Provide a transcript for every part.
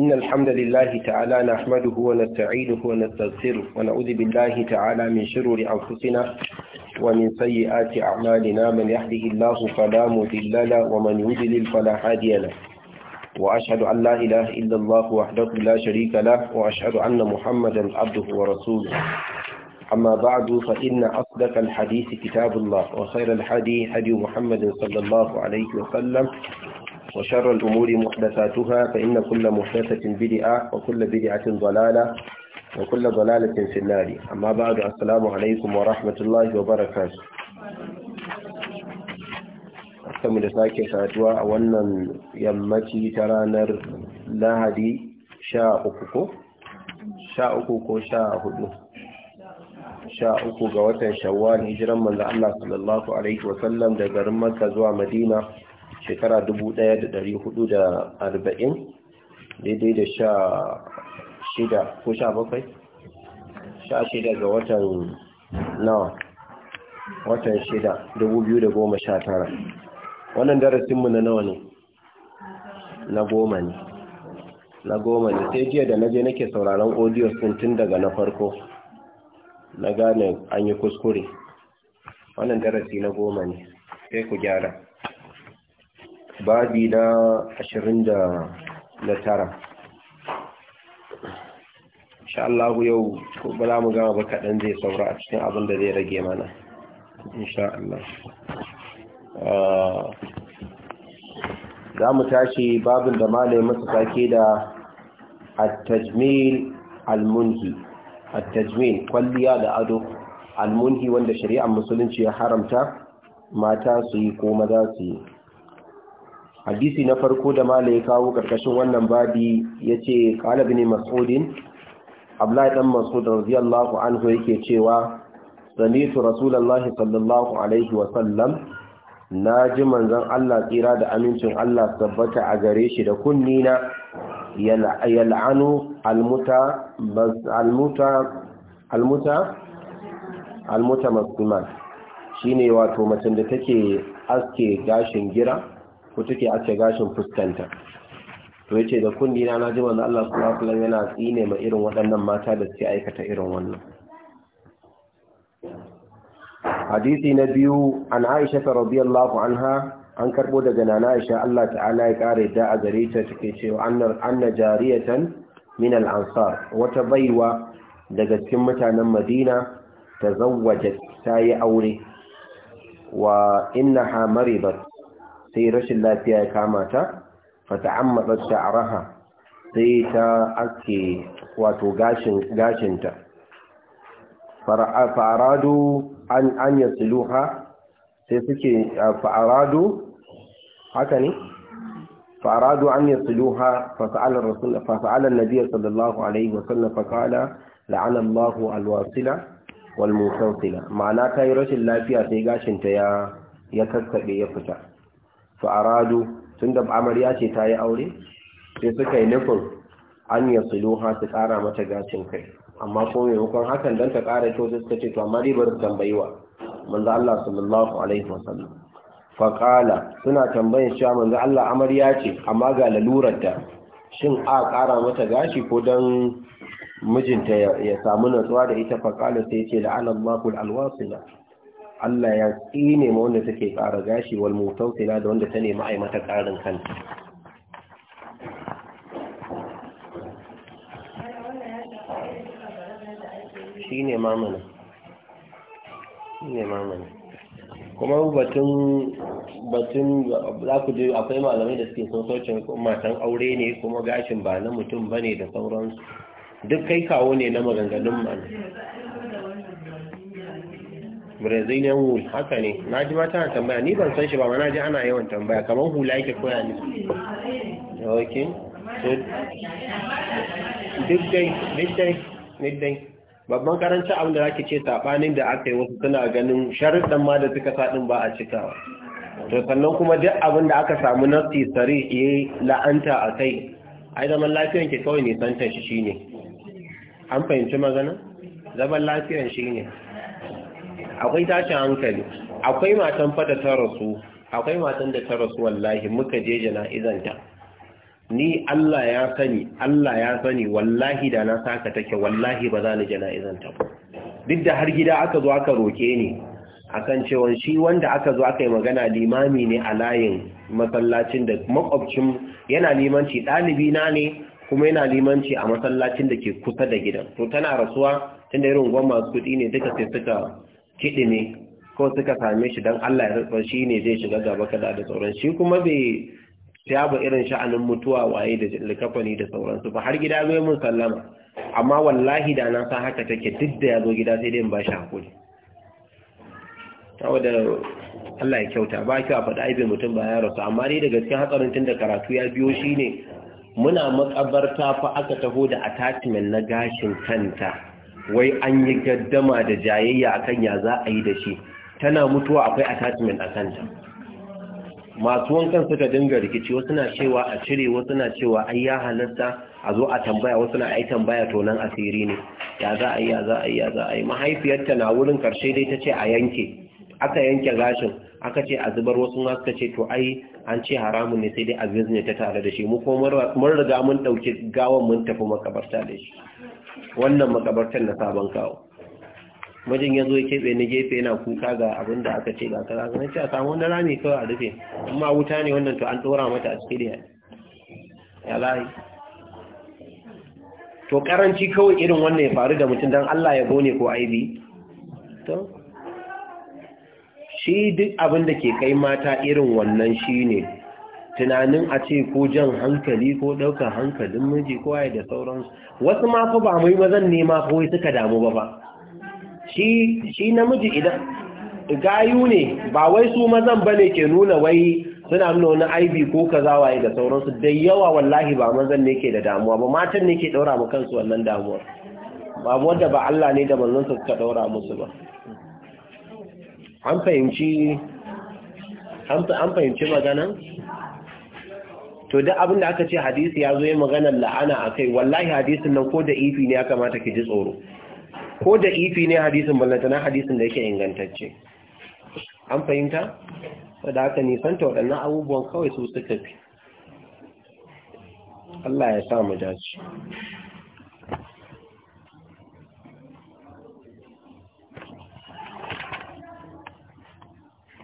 إن الحمد لله تعالى نحمده ونستعينه ونستغفره ونعوذ بالله تعالى من شرور أنفسنا ومن سيئات أعمالنا من يهده الله فلا مذل له ومن يضلل فلا هادي له وأشهد أن لا إله إلا الله وحده لا شريك له وأشهد أن محمدا عبده ورسوله أما بعد فإن أصدق الحديث كتاب الله وخير الحديث هدي محمد صلى الله عليه وسلم وشر الأمور محدثاتها فإن كل محدثة بدعة وكل بدعة ضلالة وكل ضلالة في النار أما بعد السلام عليكم ورحمة الله وبركاته أستمر ساكي ساتوا أولا يمتي ترانر لهدي شاء أكوكو شاء أكوكو شاء هدو sha uku ga watan shawwal hijiran manzo Allah sallallahu alaihi wasallam daga garin Makka zuwa Madina shekara 1440 daidai da sha shida ko sha bakwai sha shida ga watan nawa watan shida dubu biyu da goma sha tara wannan darasinmu na nawa ne na goma ne na goma ne sai jiya da na je nake sauraron audio sun tun daga na farko na gane an yi kuskure wannan darasi na goma ne sai ku gyara babi na ashirin da na tara insha Allah yau ba za mu gama ba kaɗan zai saura a cikin abin da zai rage mana insha Allah za mu tashi babin da malai masu sake da at-tajmil al-munhi tajmil kwalliya da ado al wanda shari'ar musulunci ya haramta mata su yi ko maza su yi hadisi na farko da mala ya kawo karkashin wannan babi ya ce ƙalabi ne masudin abdullahi ɗan masud radiyallahu anhu yake cewa sanitu rasulallahi sallallahu alaihi wasallam na ji manzon Allah tsira da amincin Allah tabbata a gare shi da kunni na yal'anu almuta almuta almuta shine wato macen da take aske gashin gira Ku take ace gashin fuskanta to yace da kundi na ji manzo Allah sallallahu alaihi wasallam yana tsine ma irin waɗannan mata da suke aikata irin wannan hadisi na biyu an Aisha radhiyallahu anha an karbo daga nana Aisha Allah ta'ala ya kare da a gare ta take cewa annar anna jariyatan min al-ansar wata baiwa daga cikin mutanen Madina tazawwajat ta yi aure wa innaha maribat sai rashin lafiya ya kama ta fata an matsar sha'araha sai ta ake wato gashinta fa'aradu an siluha sai suke fa'aradu haka ne fa'aradu an yi siluha fasa'alar nabiya sallallahu alaihi la'anallahu alwasila ma'ana ta yi rashin lafiya sai gashinta ya kakkaɓe ya fita fa'aradu tun da amarya ce ta yi aure sai suka yi nufin an yi sulu ha su ƙara mata gashin kai amma ko hukun hakan don ta ƙara kyau sai suka ce to amma ribar tambayiwa manzo Allah sallallahu alaihi wasallam faqala suna tambayin cewa manzo Allah amarya ce amma ga lalurar ta shin a ƙara mata gashi ko dan mijinta ya samu natsuwa da ita faƙala sai ce la'anar makul alwasila Allah ya tsine ma wanda take ƙara gashi wal mutausila da wanda ta nemi ai mata ƙarin kanta shine mamana shine mamana kuma batun batun za ku je akwai malamai da suke son saucin matan aure ne kuma gashin ba na mutum bane da sauransu duk kai kawo ne na maganganun mana brazilian wool haka ne na ji mata tambaya ni ban san shi ba ma na ji ana yawan tambaya kamar hula yake koya ne ok so duk dai duk dai duk dai babban karanci abin da zaki ce sabanin da aka yi wasu suna ganin sharuɗan ma da suka saɗin ba a cikawa to sannan kuma duk abin da aka samu na sari ya la'anta a kai ai zaman lafiyan ke kawai nisantar shi shine an fahimci magana zaman lafiyan shi ne akwai tashin hankali akwai matan fata ta rasu akwai matan da ta rasu wallahi muka je jana'izanta ni Allah ya sani Allah ya sani wallahi da na saka take wallahi ba za ni jana'izanta ba duk da har gida aka zo aka roke ni akan cewa shi wanda aka zo aka yi magana limami ne a layin masallacin da makwabcin yana limanci ɗalibi na ne kuma yana limanci a masallacin da ke kusa da gidan to tana rasuwa tunda irin gwamnati kuɗi ne duka sai suka kiɗi ne ko suka same shi don Allah ya rantsuwa shi ne zai shiga gaba kada da sauran shi kuma bai ba irin sha'anin mutuwa waye da likafani da sauransu ba har gida zai mun sallama amma wallahi da na san haka take duk da ya zo gida sai dai in ba shi hakuri saboda Allah ya kyauta ba kyau a faɗi aibe mutum ba ya rasu amma dai da gaskiyar hatsarin tun da karatu ya biyo shi ne muna makabarta fa aka taho da attachment na gashin kanta wai an yi gaddama da jayayya akan ya za a yi da shi tana mutuwa akwai attachment a kanta masu wankan suka dinga rikici wasu na cewa a cire wasu na cewa ai ya halatta a zo a tambaya wasu na ai tambaya to nan asiri ne ya za a yi ya za a yi ya za a yi mahaifiyarta na wurin karshe dai ta ce a yanke aka yanke gashin aka ce a zubar wasu ma suka ce to ai an ce haramun ne sai dai a ne ta tare da shi mu ko mun riga mun dauke gawan mun tafi makabarta da shi wannan makabartar na sabon kawo mijin ya zo ya keɓe ni gefe yana kuka ga abin da aka ce ga kaza ga ce a samu wani rami kawai a rufe amma wuta ne wannan to an tsora mata a cikin ya layi to karanci kawai irin wannan ya faru da mutum don Allah ya gone ko aibi to shi duk abin da ke kai mata irin wannan shi ne tunanin a ce ko jan hankali ko ɗaukar hankalin miji ko waye da sauransu wasu mafi ba ba mai mazan ne ma ko suka damu ba ba shi namiji idan gayu ne ba wai su mazan ba ne, ke nuna wai suna nuna wani aibi ko kaza yi da sauransu da yawa wallahi ba mazan ne ke da damuwa ba matan ne ke ɗaura mu kansu wannan damuwar ba wanda ba Allah ne da manzansa suka ɗaura musu ba an fahimci an fahimci maganan to duk abin da aka ce hadisi ya zo yi maganar la'ana a kai wallahi hadisin nan ko da ifi ne ya kamata ki ji tsoro ko da ifi ne hadisin ballantana hadisin da yake ingantacce an fahimta wadda aka nisanta waɗannan abubuwan kawai su suka fi Allah ya sa mu dace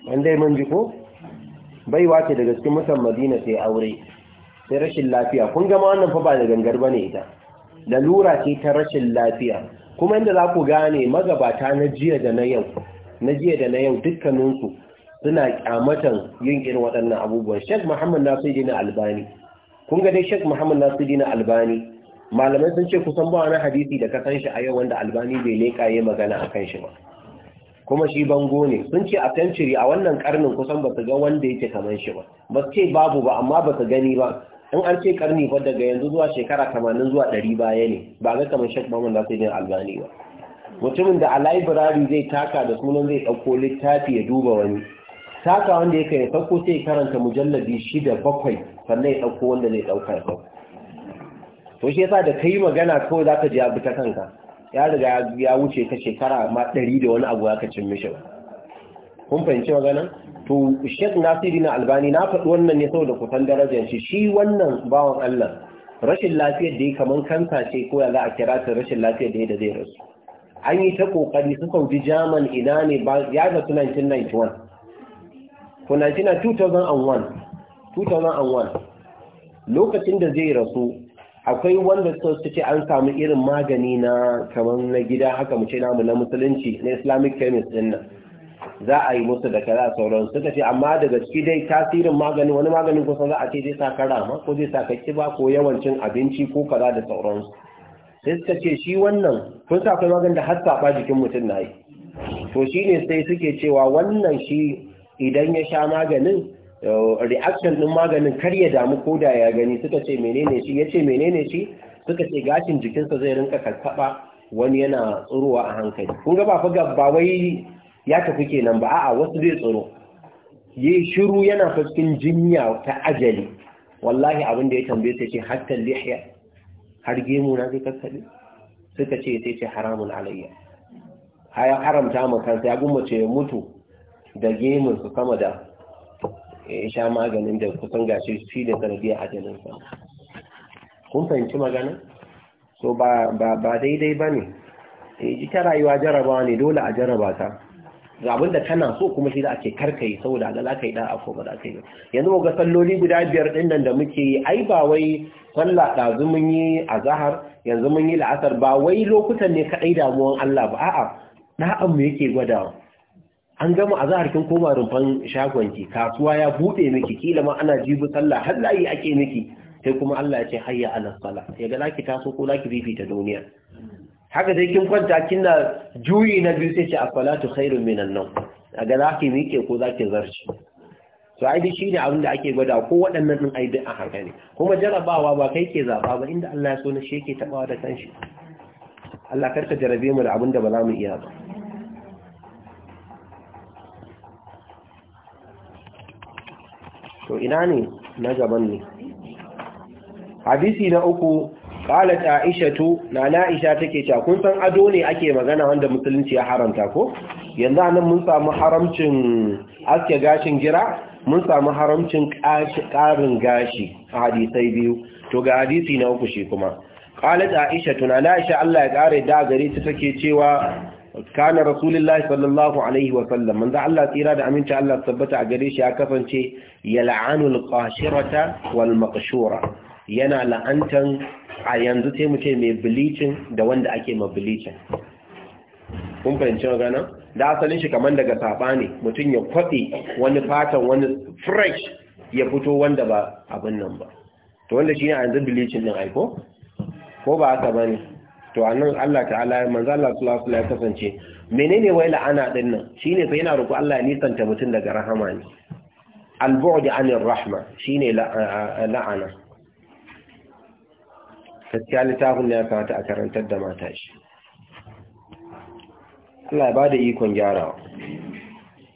wanda dai mun ko baiwa ce daga cikin mutan madina sai aure sai rashin lafiya kun gama wannan fa ba da gangar ne ita lalura ce ta rashin lafiya kuma inda za ku gane magabata na jiya da na yau na jiya da na yau dukkaninsu suna kyamatan yin irin waɗannan abubuwan Sheikh Muhammad na Albani kun ga dai Sheikh Muhammad na Albani malamai sun ce kusan ba wani hadisi da ka san shi a yau wanda Albani bai leƙa yi magana a kan shi ba kuma shi bango ne sun ce a century a wannan karnin kusan ba su ga wanda yake kamar shi ba ba su ce babu ba amma ba su gani ba in an ce karni ba daga yanzu zuwa shekara tamanin zuwa ɗari baya ne ba ga kamar shek mamun nasu jin albani ba mutumin da a library zai taka da sunan zai ɗauko littafi ya duba wani taka wanda ya kai sauko sai karanta mujallabi shida bakwai sannan ya ɗauko wanda zai ɗauka ya to shi yasa da kai magana kawai za ka ji abu ta kanka ya riga ya wuce ta shekara ma ɗari da wani abu aka cin mishi kun fahimci magana to shek nasiri na albani na faɗi wannan ne saboda kusan darajar shi shi wannan bawan allah rashin lafiyar da ya kaman kanta ce ko ya za a kira ta rashin lafiyar da ya da zai rasu an yi ta kokari su kauji jaman ina ne ba ya ga 1991 ko 1991 2001 lokacin da zai rasu akwai wanda su ce an samu irin magani na kamar na gida haka mu ce namu na musulunci na islamic chemist din nan za a yi musu da kaza sauran suka ce amma daga ciki dai tasirin magani wani maganin kusan za a ce zai sa ka rama ko zai sa ka kiba ko yawancin abinci ko kaza da sauransu sai suka ce shi wannan kun sa akwai magani da har ba jikin mutum na yi to shine sai suke cewa wannan shi idan ya sha maganin reaction din maganin kar ya damu ko da ya gani suka ce menene shi yace menene shi suka ce gashin jikinsa zai rinka karkaba wani yana tsirowa a hankali kun ga ba fa ba wai ya tafi kenan ba a'a wasu zai tsiro yi shiru yana fuskin jinya ta ajali wallahi abin da ya tambaye sai ce hatta lihya har gemu na zai kakkabe suka ce sai ce haramun alayya haya haramta mu kansa ya gumace mutu da gemun su kama da ya sha maganin da kusan gashi shi da sanadiyar ajalinsa kun fahimci magana so ba daidai ba ne eh, ita rayuwa jarabawa ne dole a jaraba ta ga abinda kana so kuma shi da ake karkai saboda ga za ka yi da'a ko ba za ka yi yanzu ga salloli guda biyar din nan da muke yi ai ba wai sallah ɗazu mun yi a zahar yanzu mun yi la'asar ba wai lokutan ne kaɗai damuwan Allah ba a'a da'an mu yake gwadawa an gama a zahar kin koma rumfan shagonki kasuwa ya buɗe miki kila ma ana jibi sallah har layi ake miki sai kuma Allah ya ce hayya ala sallah ya ga laki taso ko laki fifita duniya haka dai kin kwanta kina juyi na biyu sai ce as-salatu khairun minan nawm a ga laki miki ko zaki zarci to ai dai shine abin da ake gwada ko waɗannan din ai duk a haka ne kuma jarabawa ba kai ke zaba ba inda Allah ya so na shi tabawa da kanshi Allah karka jarabe mu da abin da ba za mu iya ba to ina ne na gaban ne hadisi na uku qalat aishatu na na aisha take cewa kun san ado ne ake magana wanda musulunci ya haramta ko yanzu anan mun samu haramcin aske gashin gira mun samu haramcin karin gashi a hadisai biyu to ga hadisi na uku shi kuma qalat aisha tuna na aisha Allah ya kare da gare ta take cewa kana rasulullahi sallallahu alaihi wa sallam manzo Allah tsira da aminci Allah tabbata a gare shi ya kasance yal'anul qashirata wal maqshura yana la'antan a yanzu sai mu ce mai bleaching da wanda ake ma bleaching kun fahimci magana da asalin shi kamar daga saba ne mutum ya kwaɗe wani fatan wani fresh ya fito wanda ba abin nan ba to wanda shi ne a yanzu bleaching din aiko ko ba haka ba ne to anan Allah ta'ala ya manzo Allah sallallahu alaihi wasallam kasance menene wai la'ana din nan shine fa yana roƙo Allah ya nisanta mutum daga rahama ne al-bu'd anir rahma shine la'ana ta littafin ne ya kamata a karantar da mata shi Allah ya bada ikon gyarawa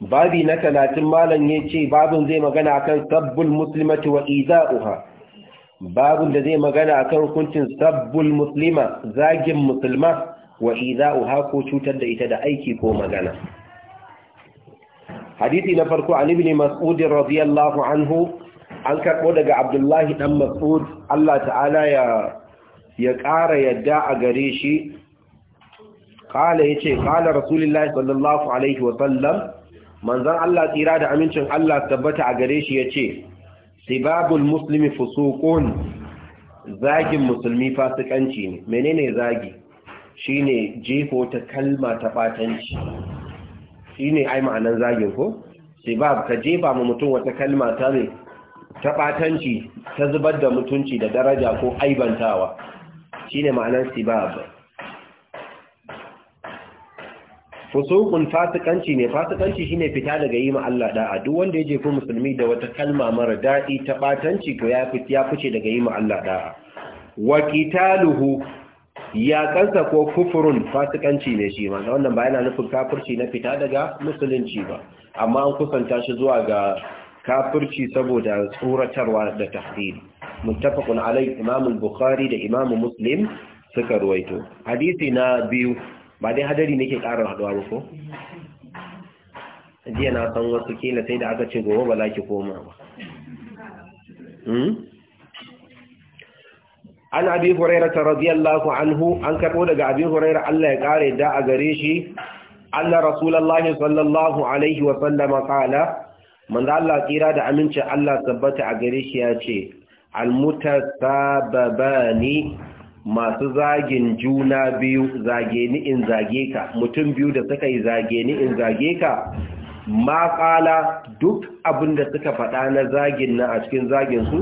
babi na talatin malam ya ce babin zai magana akan sabbul muslimati wa iza'uha Babin da zai magana akan hukuncin sabbul muslima zagin musulma wa iza'uha ko cutar da ita da aiki ko magana hadisi na farko an ibn mas'ud radiyallahu anhu an karbo daga abdullahi dan mas'ud Allah ta'ala ya ya ƙara yadda a gare shi kala ya ce kala rasulullahi sallallahu alaihi sallam, manzan Allah tsira da amincin Allah tabbata a gare shi ya ce sibabul muslimi fusuqun zagin musulmi fasikanci ne menene zagi shine jefo ta kalma ta batanci shine ai ma'anan zagin ko sibab ka jefa ma mutum wata kalma ta ne ta batanci ta zubar da mutunci da daraja ko aibantawa shine ma'anan sibab fusuqun fasikanci ne fasikanci shine fita daga yi ma Allah da'a duk wanda ya ku musulmi da wata kalma mara daɗi ta batanci ko ya fice ya fice daga yi ma Allah da'a wa qitaluhu ya kansa ko kufurun fasikanci ne shi ma wannan ba yana nufin kafirci na fita daga musulunci ba amma an kusanta shi zuwa ga kafirci saboda tsoratarwa da tahdidi muttafaqun alai imamu bukhari da imamu muslim suka ruwaito hadisi na biyu ba dai hadari nake ƙara haduwa ba ko jiya na san wasu kila sai da aka ce gobe ba za ki koma ba hmm? an abi huraira ta radiyallahu anhu an karɓo daga abi huraira Allah ya kare da a gare shi Allah rasulullahi sallallahu alaihi wa sallama kala manzo Allah tsira da aminci Allah tabbata a gare shi ya ce almutasababani masu zagin juna biyu zage ni in zage ka mutum biyu da suka yi zage ni in zage ka ma duk abin da suka faɗa na zagin na a cikin zagin su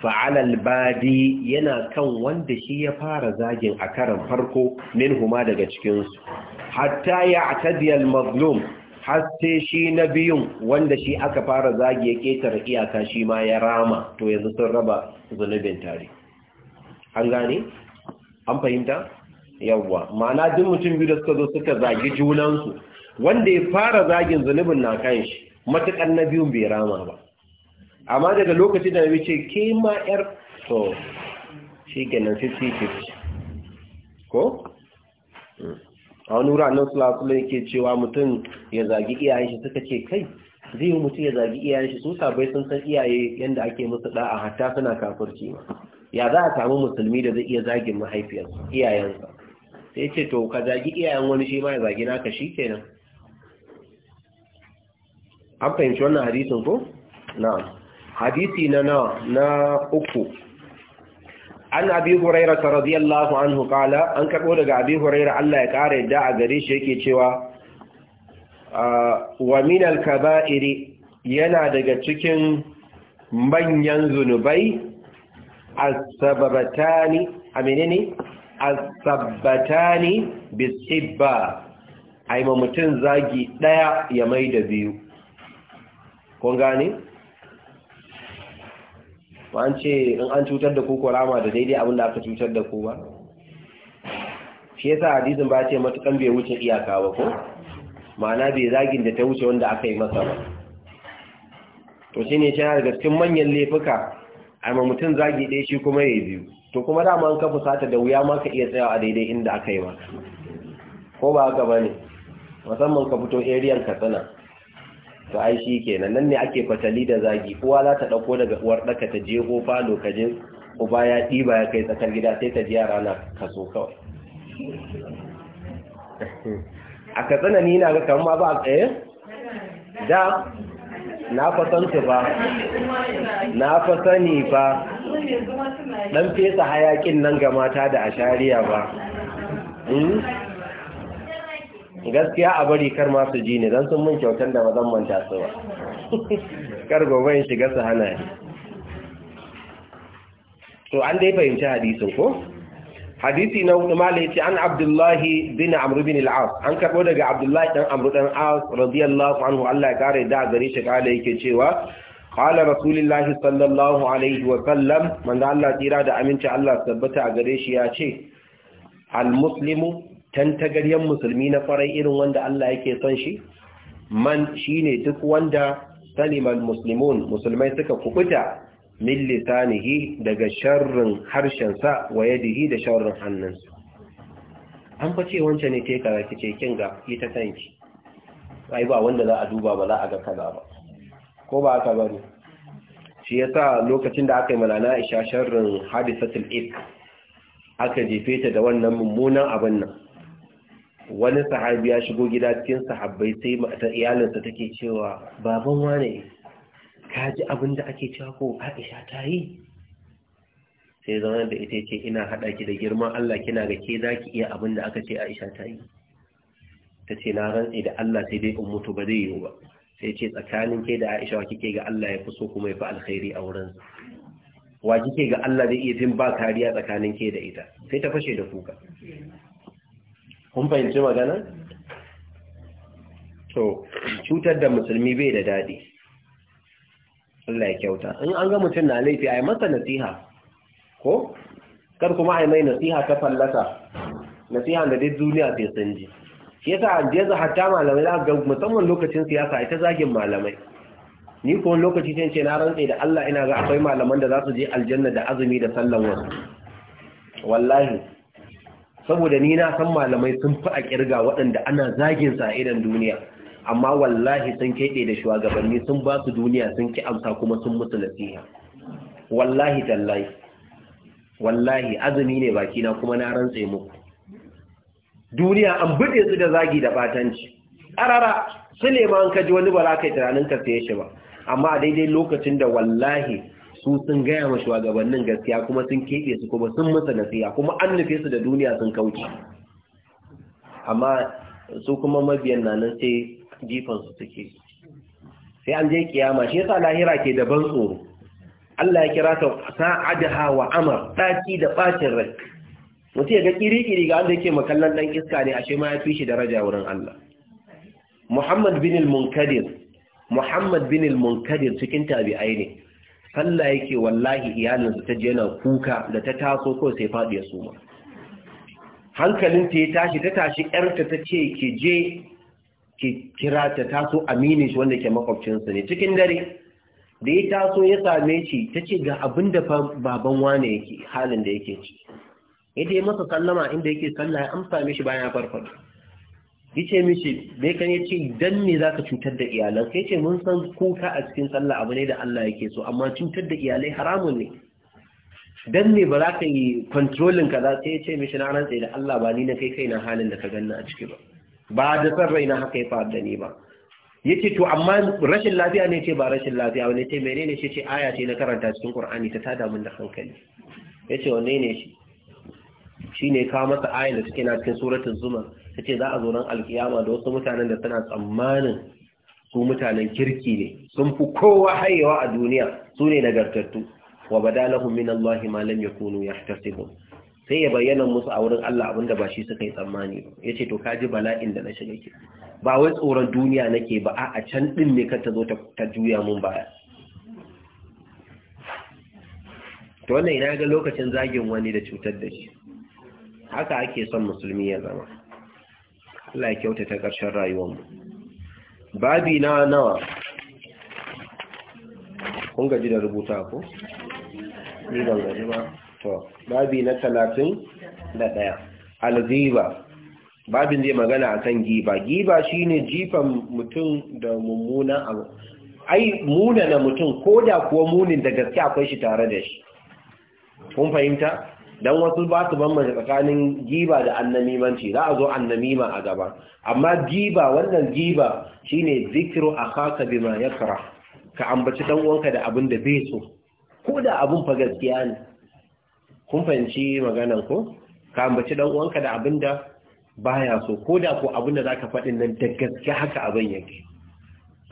fa'alal badi yana kan wanda shi ya fara zagin a karan farko min huma daga cikin su, hatta ya al mazlum haske shi na biyun wanda shi aka fara zagi ya ketare iyaka shi ma ya rama to yanzu sun raba zunubin tare an gane an fahimta yawwa ma'ana duk mutum biyu da suka zo suka zagi junansu wanda ya fara zagin zunubin na kan shi matukan na biyun bai rama ba amma daga lokacin da nabi ce ke ma yar to shi ganin 50-50 ko? Hmm. a wani wura nan sulasula ke cewa mutum ya zagi iyayen shi suka ce kai zai yi mutum ya zagi iyayen shi su sabai sun san iyaye yadda ake musu da'a hatta suna kafurci ma ya za a samu musulmi da zai iya zagin mahaifiyarsa iyayensa sai ce to ka zagi iyayen wani shi ma ya zagi naka shi nan an fahimci wannan hadisin ko na'am hadisi na nawa na uku an abi huraira radiyallahu anhu kala an karɓo daga abi huraira Allah ya kare da a gare shi yake cewa wa min al-kaba'iri yana daga cikin manyan zunubai as-sababatani a menene as-sabbatani bisibba a yi mutum zagi ɗaya ya mai da biyu kun gani? ba an ce in an cutar da ku rama da daidai abinda aka cutar da ku ba shi yasa hadisin ba ce matukan bai wuce iyaka ba ko ma'ana bai zagin da ta wuce wanda aka yi masa ba to shi ne shi daga cikin manyan laifuka a ma mutum zagi ɗaya shi kuma ya yi biyu to kuma dama an ka fusata da wuya ma ka iya tsayawa a daidai inda aka yi maka ko ba haka bane ne musamman ka fito ariyan katsina to ai shi kenan nan ne ake fatali da zagi uwa za ta ɗauko daga uwar ɗaka ta je ko falo uba ya ɗiba ya kai tsakar gida sai ta ji yara na kaso kawai a katsina ni na ga kamar ma ba a eh? tsaye da na su ba na fasani ba dan fesa hayakin nan ga mata da ashariya ba hmm? gaskiya a bari kar masu ji ne don sun mun kyautar da mazan manta su ba kar gobe in shiga su hana ne to an dai fahimci hadisin ko? hadisi na hudu yace an abdullahi bin Amru bin al an karbo daga abdullahi dan Amru dan as radiyallahu anhu Allah ya kare da gare shi kala yake cewa qala rasulullahi sallallahu alaihi wa sallam manzo Allah tira da aminci Allah tabbata a gare shi ya ce al-muslimu tantagaryan musulmi na farai irin wanda Allah yake son shi man shine duk wanda salimal muslimun musulmai suka kubuta min lisanihi daga sharrin harshensa wa yadihi da sharrin hannunsa an fa ce wancan ne ke kaza kice kin ga ita ta ai ba wanda za a duba ba za a ga kaza ba ko ba haka bane shi yasa lokacin da aka yi malana isha sharrin hadisatul ik aka jefe ta da wannan mummunan abin nan wani sahabi ya shigo gida cikin sahabbai sai ta iyalinsa take cewa baban wane ka ji abin da ake cewa ko aisha ta yi sai zama da ita ce ina haɗa ki da girman Allah kina ga ke za ki iya abin da aka ce aisha ta yi ta ce na rantsi da Allah sai dai in mutu ba zai yi ba sai ce tsakanin ke da aisha wa kike ga Allah ya fi so kuma ya fi alkhairi a wurin wa kike ga Allah zai iya fin ba kariya tsakanin ke da ita sai ta fashe da kuka kun fahimci magana to cutar da musulmi bai da daɗi Allah ya kyauta in an ga mutum na laifi a yi masa nasiha ko kar kuma a yi mai nasiha ta fallasa nasiha da dai duniya sai sun ji shi yasa yanzu hatta malamai za ga musamman lokacin siyasa ita zagin malamai ni ko lokaci sai ce na rantse da Allah ina ga akwai malaman da za su je aljanna da azumi da sallan wasu wallahi saboda ni na san malamai sun fi a kirga waɗanda ana zagin sa a idan duniya amma wallahi sun keɗe da shugabanni sun ba su duniya sun ki amsa kuma sun musu nasiha wallahi tallahi wallahi azumi ne baki na kuma na rantse muku duniya an buɗe su da zagi da batanci arara su nema an kaji wani ba kai tunanin ka saye shi ba amma a daidai lokacin da wallahi su sun gaya ma shugabannin gaskiya kuma sun keɓe su kuma sun musu nasiha kuma an nufe su da duniya sun kauce amma su kuma mabiyan na sai jifansu suke sai an je kiyama shi yasa lahira ke da ban tsoro Allah ya kira ta sa'adha wa amr taki da bacin rai mutu ya ga kiri-kiri ga wanda yake makallan dan iska ne ashe ma ya fi shi daraja wurin Allah Muhammad bin al-Munkadir Muhammad bin al-Munkadir cikin tabi'ai ne allah yake wallahi iyalinsu ta je yana kuka da ta taso ko sai faɗi ya suma hankalinta ya tashi ta tashi ƴarta ta ce ki je ki kira ta taso aminin shi wanda ke makwabcinsa ne cikin dare da ya taso ya same shi ta ce ga abin da baban wane yake halin da yake ci yadda ya masa sallama inda yake sallah ya amsa mishi bayan ya farfado ya ce mishi mai kan ya ce dan ne za ka cutar da iyalan sai ce mun san kuka a cikin sallah abu ne da Allah yake so amma cutar da iyalai haramun ne dan ne ba za ka yi kontrolin ka za sai ya ce mishi na ran tsaye da Allah ba ni na kai kai na halin da ka ganna a ciki ba ba da san raina haka ya faru da ni ba yace to amma rashin lafiya ne ce ba rashin lafiya ne ce menene shi ce aya ce na karanta cikin Qur'ani ta tada min da hankali yace wanne ne shi shine ka masa aya da suke na cikin suratul zumar yace za a zo ran alkiyama da wasu mutanen da suna tsammanin su mutanen kirki ne sun fi kowa hayewa a duniya su ne nagartattu wa badalahum minallahi ma lam yakunu yahtasibun sai ya bayyana musu a wurin Allah abinda ba shi suka yi tsammani ya ce to kaji bala'in da na shiga ke ba wai tsoron duniya nake ba a can ɗin ne ka ta zo ta juya mun baya to wannan ina ga lokacin zagin wani da cutar da shi haka ake son musulmi ya zama Allah ya kyauta ta ƙarshen rayuwarmu babi na nawa kun gaji da rubuta ko? ni ban gaji ba to babi na talatin da ɗaya alziba babin zai magana a kan giba giba shine jifan mutum da mummunan abu ai munana mutum ko da kuwa munin da gaske akwai shi tare da shi kun fahimta don wasu ba su bambanta tsakanin giba da annamimanci za a zo annamima a gaba amma giba wannan giba shine zikiru haka bima kara, ka ambaci ɗan uwanka da abin da bai so ko da abin fa gaskiya ne kun fahimci maganan ko ka ambaci dan uwanka da abinda baya so ko da ko abinda zaka faɗin nan da gaske haka abin yake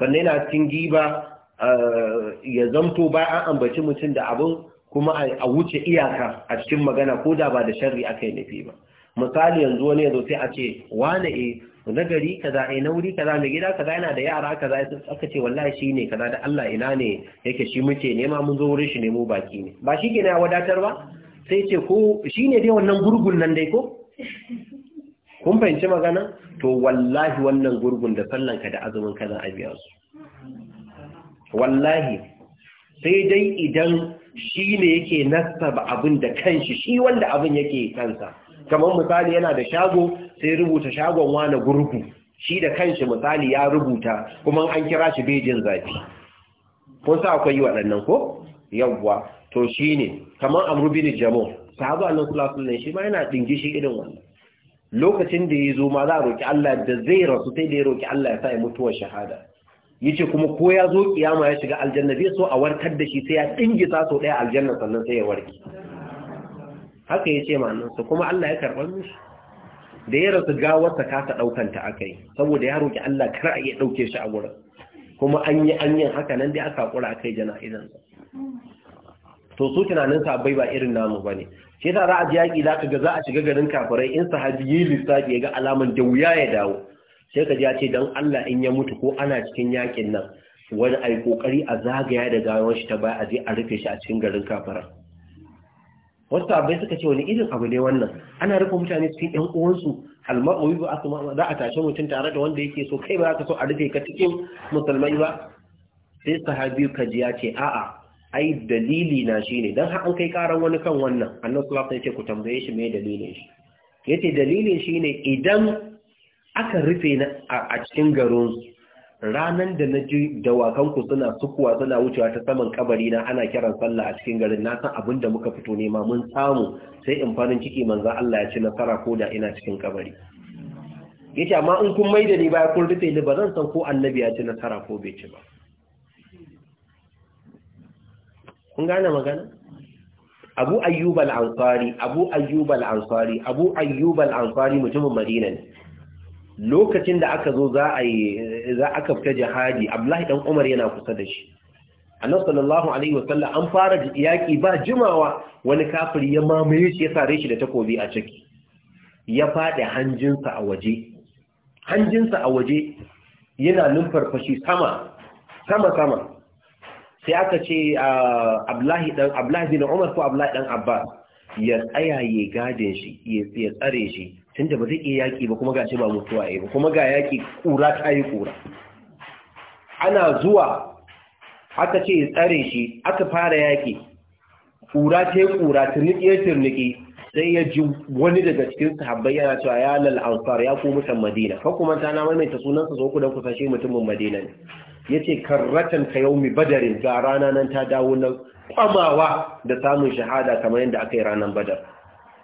sannan yana cikin giba eh, ya zamto ba an ambaci mutum da abin kuma a wuce iyaka a cikin magana ko da ba da sharri aka yi nufi ba misali yanzu wani yazo sai a ce wane e na gari kaza e na wuri kaza mai gida kaza yana da yara kaza ya aka ce wallahi shi ne kaza da Allah ina ne yake shi muke nema mun zo wurin shi nemo baki ne ba shi ke na wadatar ba sai ce ko shi ne dai wannan gurgun nan dai ko kun fahimci magana to wallahi wannan gurgun da sallanka da azumin ka abiya a su wallahi sai dai idan shi ne yake nasaba abin da kanshi shi wanda abin yake kansa kamar misali yana da shago sai rubuta shagon wane gurgu shi da kanshi misali ya rubuta kuma an kira shi bejin zafi kun sa akwai waɗannan ko yawwa to shi ne kamar amru bin jamu sahaba annabi sulasul ne, shi ma yana shi irin wannan lokacin da ya zo ma za a roƙi Allah da zai rasu sai da ya roƙi Allah ya sa ya mutuwa shahada ce kuma ko ya zo ƙiyama ya shiga aljanna zai so a warkar da shi sai ya sa so daya aljanna sannan sai ya warke haka ya ce ma sa, kuma Allah ya karɓar mishi da ya rasu gawarsa kasa ɗaukanta aka yi saboda ya roƙi Allah kar a iya ɗauke shi a wurin kuma an yi anyan haka nan dai aka kura a kai jana'izansa to su tunanin sabai ba irin namu ba ne shi yasa za a ji yaƙi za ka ga za a shiga garin kafirai in sahabi yi lissafi ya ga alaman da wuya ya dawo sai ka ji ya ce don Allah in ya mutu ko ana cikin yaƙin nan wani ai kokari a zagaya da gawar shi ta baya a je a rufe shi a cikin garin kafara wasu sabai suka ce wani irin abu ne wannan ana rufe mutane cikin ƴan uwansu yi ba kuma za a tashi mutum tare da wanda yake so kai ba ka so a rufe ka cikin musulmai ba sai sahabi ka ji ya ce a'a ai dalili na shine dan har an kai ƙaran wani kan wannan annan sallallahu ce ku tambaye shi mai dalilin shi Ya yace dalilin ne idan aka rufe a cikin garin ranar da na ji dawakan suna sukuwa suna wucewa ta saman kabari na ana kiran sallah a cikin garin na san abin da muka fito nema mun samu sai in farin ciki manzo Allah ya ci nasara ko da ina cikin kabari ce amma in kun da ni baya kun rufe ni ba zan san ko annabi ya ci nasara ko bai ci ba kun gane magana abu ayyubal al-ansari abu ansari abu ansari mutumin madina ne lokacin da aka zo za a za aka fita jihadi abdullahi dan umar yana kusa da shi annabi sallallahu alaihi wasallam an fara yaki ba jimawa wani kafiri ya mamaye shi ya sare shi da takobi a ciki ya faɗi hanjinsa a waje hanjinsa a waje yana numfarfashi sama sama sama sai aka ce ah, ablahi bin umar ko ablahi dan abbas ya tsaya ya gadin shi ya tsare shi tun da ba zai iya yaƙi ba kuma ga shi ba mutuwa ya ba kuma ga yaƙi ƙura ta yi ƙura ana zuwa aka ce ya tsare shi aka fara yaƙi ƙura ta yi ƙura turniki ya turniki sai ya ji wani daga cikin sahabbai yana cewa ya lal ya ku mutan madina fa kuma ta na maimaita sunansa zo ku kusa shi mutumin madina ne yace karratan ka mi badarin ga rana nan ta dawo na kwamawa da samun shahada kamar yadda aka yi ranar badar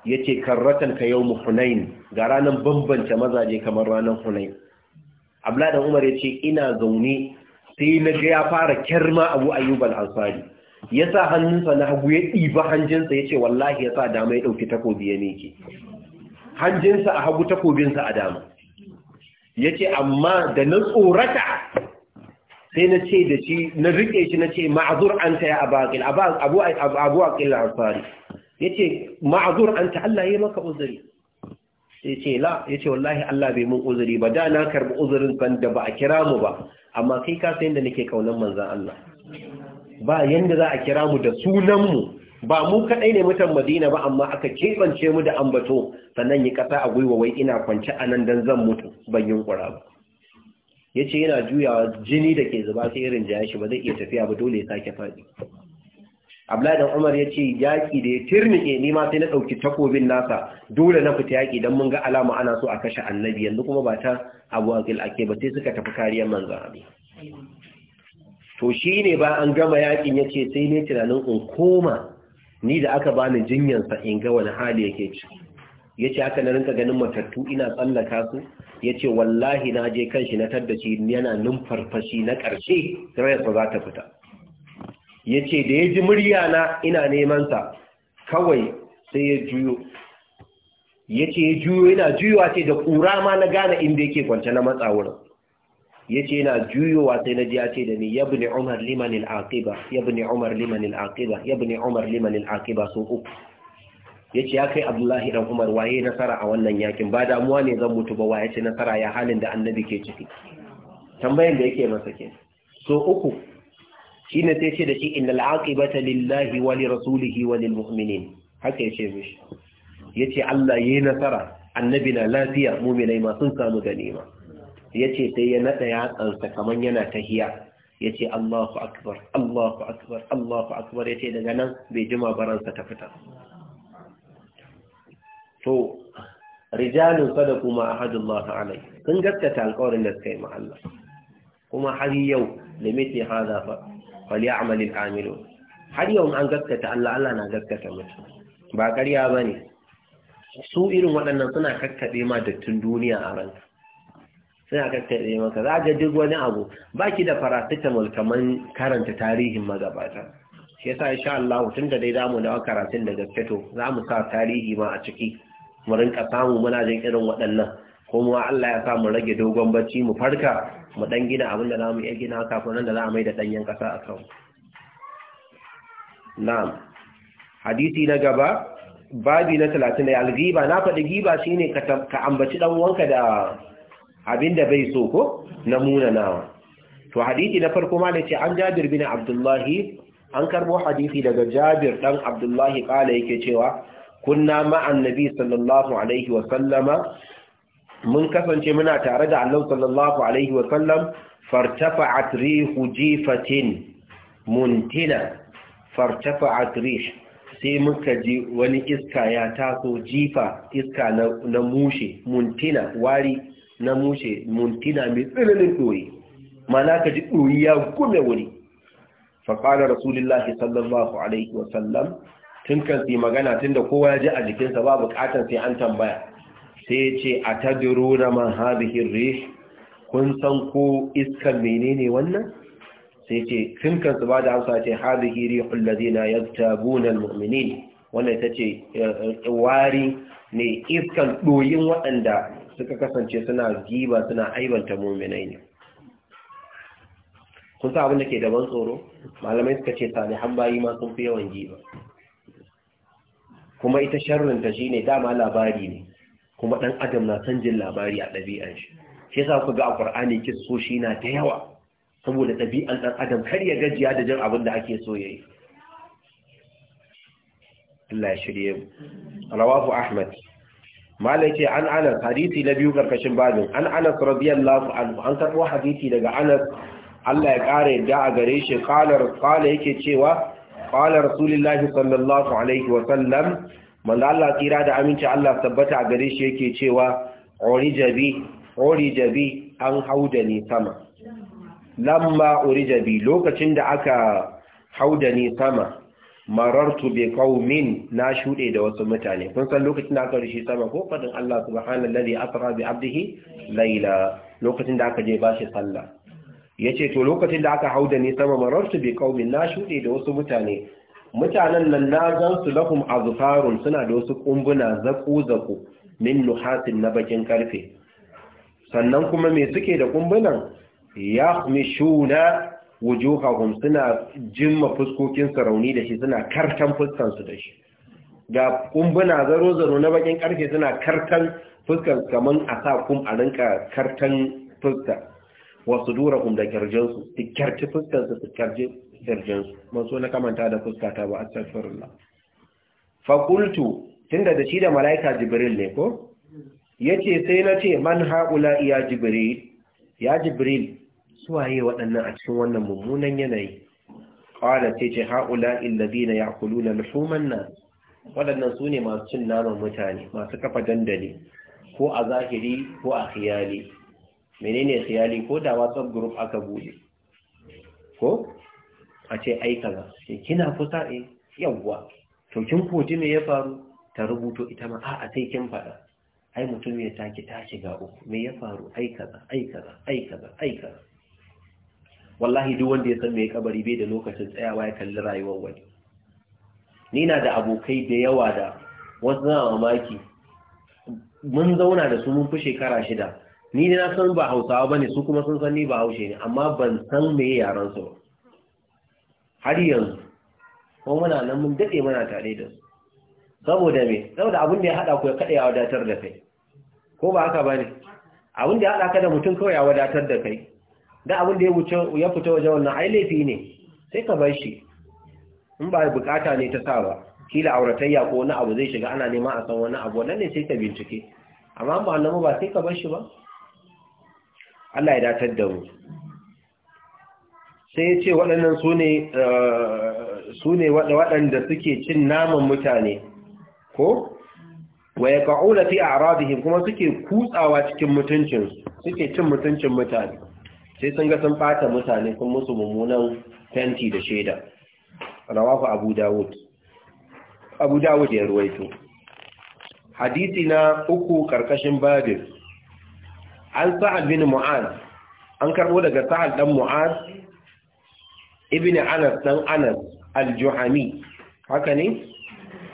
yace karratan ka yaumi hunain ga ranar bambance mazaje kamar ranar hunain abdullahi dan umar ce ina zaune sai na ga ya fara kyarma abu ayyubal alfari ya yasa hannunsa na hagu ya ɗiba hanjinsa yace wallahi ya sa dama ya ɗauki takobi ya meke hanjinsa a hagu takobinsa a dama yace amma da na tsorata sai na ce da shi na riƙe shi na ce ma'azur an ta ya abaƙil abu a alfari ya ce ma'azur an ta Allah ya maka uzuri ya ce la ya ce wallahi Allah bai mun uzuri ba da na karɓi uzurin ban da ba a kira mu ba amma kai ka sayin da nake kaunan manzan Allah ba yanda za a kira mu da sunan mu, ba mu kaɗai ne mutan madina ba amma aka keɓance mu da ambato sannan yi ƙasa a gwiwa wai ina kwance a nan don zan mutu ban yunkura ba ya ce yana juyawa jini da ke zuba sai irin jaya shi ba zai iya tafiya ba dole ya sake faɗi abla ɗan umar ya ce yaƙi da ya turnike ni ma sai na ɗauki takobin nasa dole na fita yaƙi don mun ga alama ana so a kashe annabi yanzu kuma ba ta abu akil ake ba sai suka tafi kariyar manzan abu to shi ne ba an gama yaƙin ya ce sai ne tunanin in koma ni da aka bani jinyansa in ga wani hali yake ciki ya ce haka na rinka ganin matattu ina tsallaka su ya ce wallahi na je kan shi na tabbaci yana numfarfashi na ƙarshe rayarsa za ta fita ya ce da ya ji murya na ina nemanta, kawai sai ya juyo ya ce ya juyo yana juyowa ce da ƙura ma na gane inda yake kwance na matsa wurin ya ce yana juyowa sai na ji ya ce da ni ya bi umar limanin ya umar limanin aƙiba, ya umar limanin sun uku ya ce ya kai abdullahi dan umar waye nasara a wannan yakin ba damuwa ne zan mutu ba waye ce nasara ya halin da annabi ke ciki tambayan da yake masa ke so uku shine sai ce da shi innal aqibata lillahi wa li rasulihi wa lil mu'minin haka yace mishi yace Allah yayi nasara annabi na lafiya mu'minai ma sun samu ganima yace sai ya nada ya tsansa kaman yana tahiya yace Allahu akbar Allahu akbar Allahu akbar yace daga nan bai jima baransa ta fita to rijalun kada kuma ahadullah alai sun gaskata alƙawarin da suka yi ma Allah kuma har yau da mithli hada fa falyamal alamilu har yau an gaskata Allah Allah na gaskata mutum ba ƙarya bane su irin waɗannan suna kakkaɓe ma dattin duniya a ranka suna kakkaɓe maka za ga duk wani abu ba ki da paracetamol kamar karanta tarihin magabata shi yasa insha Allah tun da dai zamu da karatun da gaske to za mu sa tarihi ma a ciki mu rinka samu muna jin irin waɗannan kuma Allah ya sa mu rage dogon bacci mu farka mu dan gina abin da zamu iya gina kafin nan da za a mai da danyen kasa a kan na'am hadisi na gaba babi na 30 da al-ghiba na faɗi giba shine ka ka ambaci dan wanka da abin da bai so ko na munanawa to hadisi na farko ma ce an Jabir bin Abdullah an karbo hadisi daga Jabir dan Abdullahi kala yake cewa kunna ma'an sallallahu alaihi wa sallama mun kasance muna tare da Allah sallallahu alaihi wa sallam fartafa'at rihu jifatin muntina fartafa'at rih sai muka ji wani iska ya taso jifa iska na mushe muntina wari na mushe muntina mai tsirinin ɗoyi mana ka ji ɗoyi ya gume wuri faƙalar rasulullahi sallallahu alaihi wasallam tun kan su magana tun da kowa ya ji a jikinsa ba bukatan sai an tambaya sai ce a tadiru na manhabihin rish kun san ko iskar menene wannan sai ce tun kan su ba da amsa ce habihi rihul ladina yaktabuna almu'minin wannan ita ce eh, wari ne iskan doyin waɗanda suka kasance suna giba suna aibanta mu'minai ne kun sa abin da ke daban tsoro malamai suka ce sani bayi ma sun fi yawan giba kuma ita sharrinta shi ne dama labari ne kuma ɗan adam na son jin labari a ɗabi'an shi shi sa ku ga a ƙwar'ani kisso shi na da yawa saboda ɗabi'an ɗan adam kar ya gajiya da jin abin da ake so ya yi Allah ya shirye rawahu ahmad malai ce an anas hadisi na biyu karkashin babin an anas radiyallahu anhu an karbo hadisi daga anas Allah ya kare da a gare shi kalar kala yake cewa qala rasulullahi sallallahu alaihi wa sallam manzo Allah tsira da aminci Allah tabbata a gare shi yake cewa orijabi orijabi an hauda ni sama lamma orijabi lokacin da aka hauda ni sama marartu bi qaumin na shude da wasu mutane kun san lokacin da aka rishi sama ko fadin Allah subhanallazi asra bi abdihi layla lokacin da aka je bashi sallah ya ce to lokacin da aka hau da ni sama marartu bi kaumin na shuɗe da wasu mutane mutanen nan na zan su lahum zufarun suna da wasu ƙumbuna zaƙo-zaƙo min nuhasin na bakin karfe sannan kuma me suke da ƙumbunan, shuna yahmishuna wujuhahum suna jimma fuskokin sarauni da shi suna kartan fuskansu da shi ga ƙumbuna zaro zaro na bakin karfe suna kartan fuskan kamar a sa kum a rinka kartan fuska Wasu sudurahum da kirjansu su kyarci fuskar su kyarci kirjansu masu na kamanta da fuska ta ba astaghfirullah fa fakultu tunda da shi da malaika jibril ne ko Ya ce sai na ce man haula iya jibril ya jibril suwaye waɗannan a cikin wannan mummunan yanayi ƙwada sai ce haula kulu na luhuman nas waɗannan su ne masu cin naman mutane masu kafa dandali ko a zahiri ko a khiyali menene khiyali ko da whatsapp group aka bude ko a ce ai kaza kina fusa eh yawwa to kin koji me ya faru ta rubuto ita ma a'a sai kin faɗa ai mutum ya taki ta shiga uku me ya faru ai kaza ai kaza ai kaza ai kaza wallahi duk wanda ya san me kabari bai da lokacin tsayawa ya kalli rayuwar wani ni na da abokai da yawa da wasu na mamaki mun zauna da su mun fi shekara shida ni na san ba hausawa ba ne su kuma sun san ni ba haushe ne amma ban san me yaran su ba har yanzu ko muna nan mun daɗe muna tare da su saboda me saboda abin da ya haɗa ku ya kaɗa ya wadatar da kai ko ba haka ba ne abin da ya haɗa ka da mutum kawai ya wadatar da kai da abin da ya fita waje wannan ai laifi ne sai ka bar shi in ba bukata ne ta sa ba kila auratayya ko wani abu zai shiga ana nema a san wani abu wannan ne sai ka bincike amma ba annabi ba sai ka bar shi ba Allah ya datar da mu sai ya ce waɗannan su ne eh, waɗanda suke cin naman mutane ko waya ka'ula fi a'radihim kuma suke kutsawa cikin mutuncin suke cin mutuncin mutane sai sun ga sun bata mutane sun musu mummunan fenti da shaida rawahu abu dawud abu dawud ya ruwaito hadisi na uku karkashin babin an sa'ad bin mu'az an karbo daga sa'ad dan mu'az ibn anas dan anas al haka ne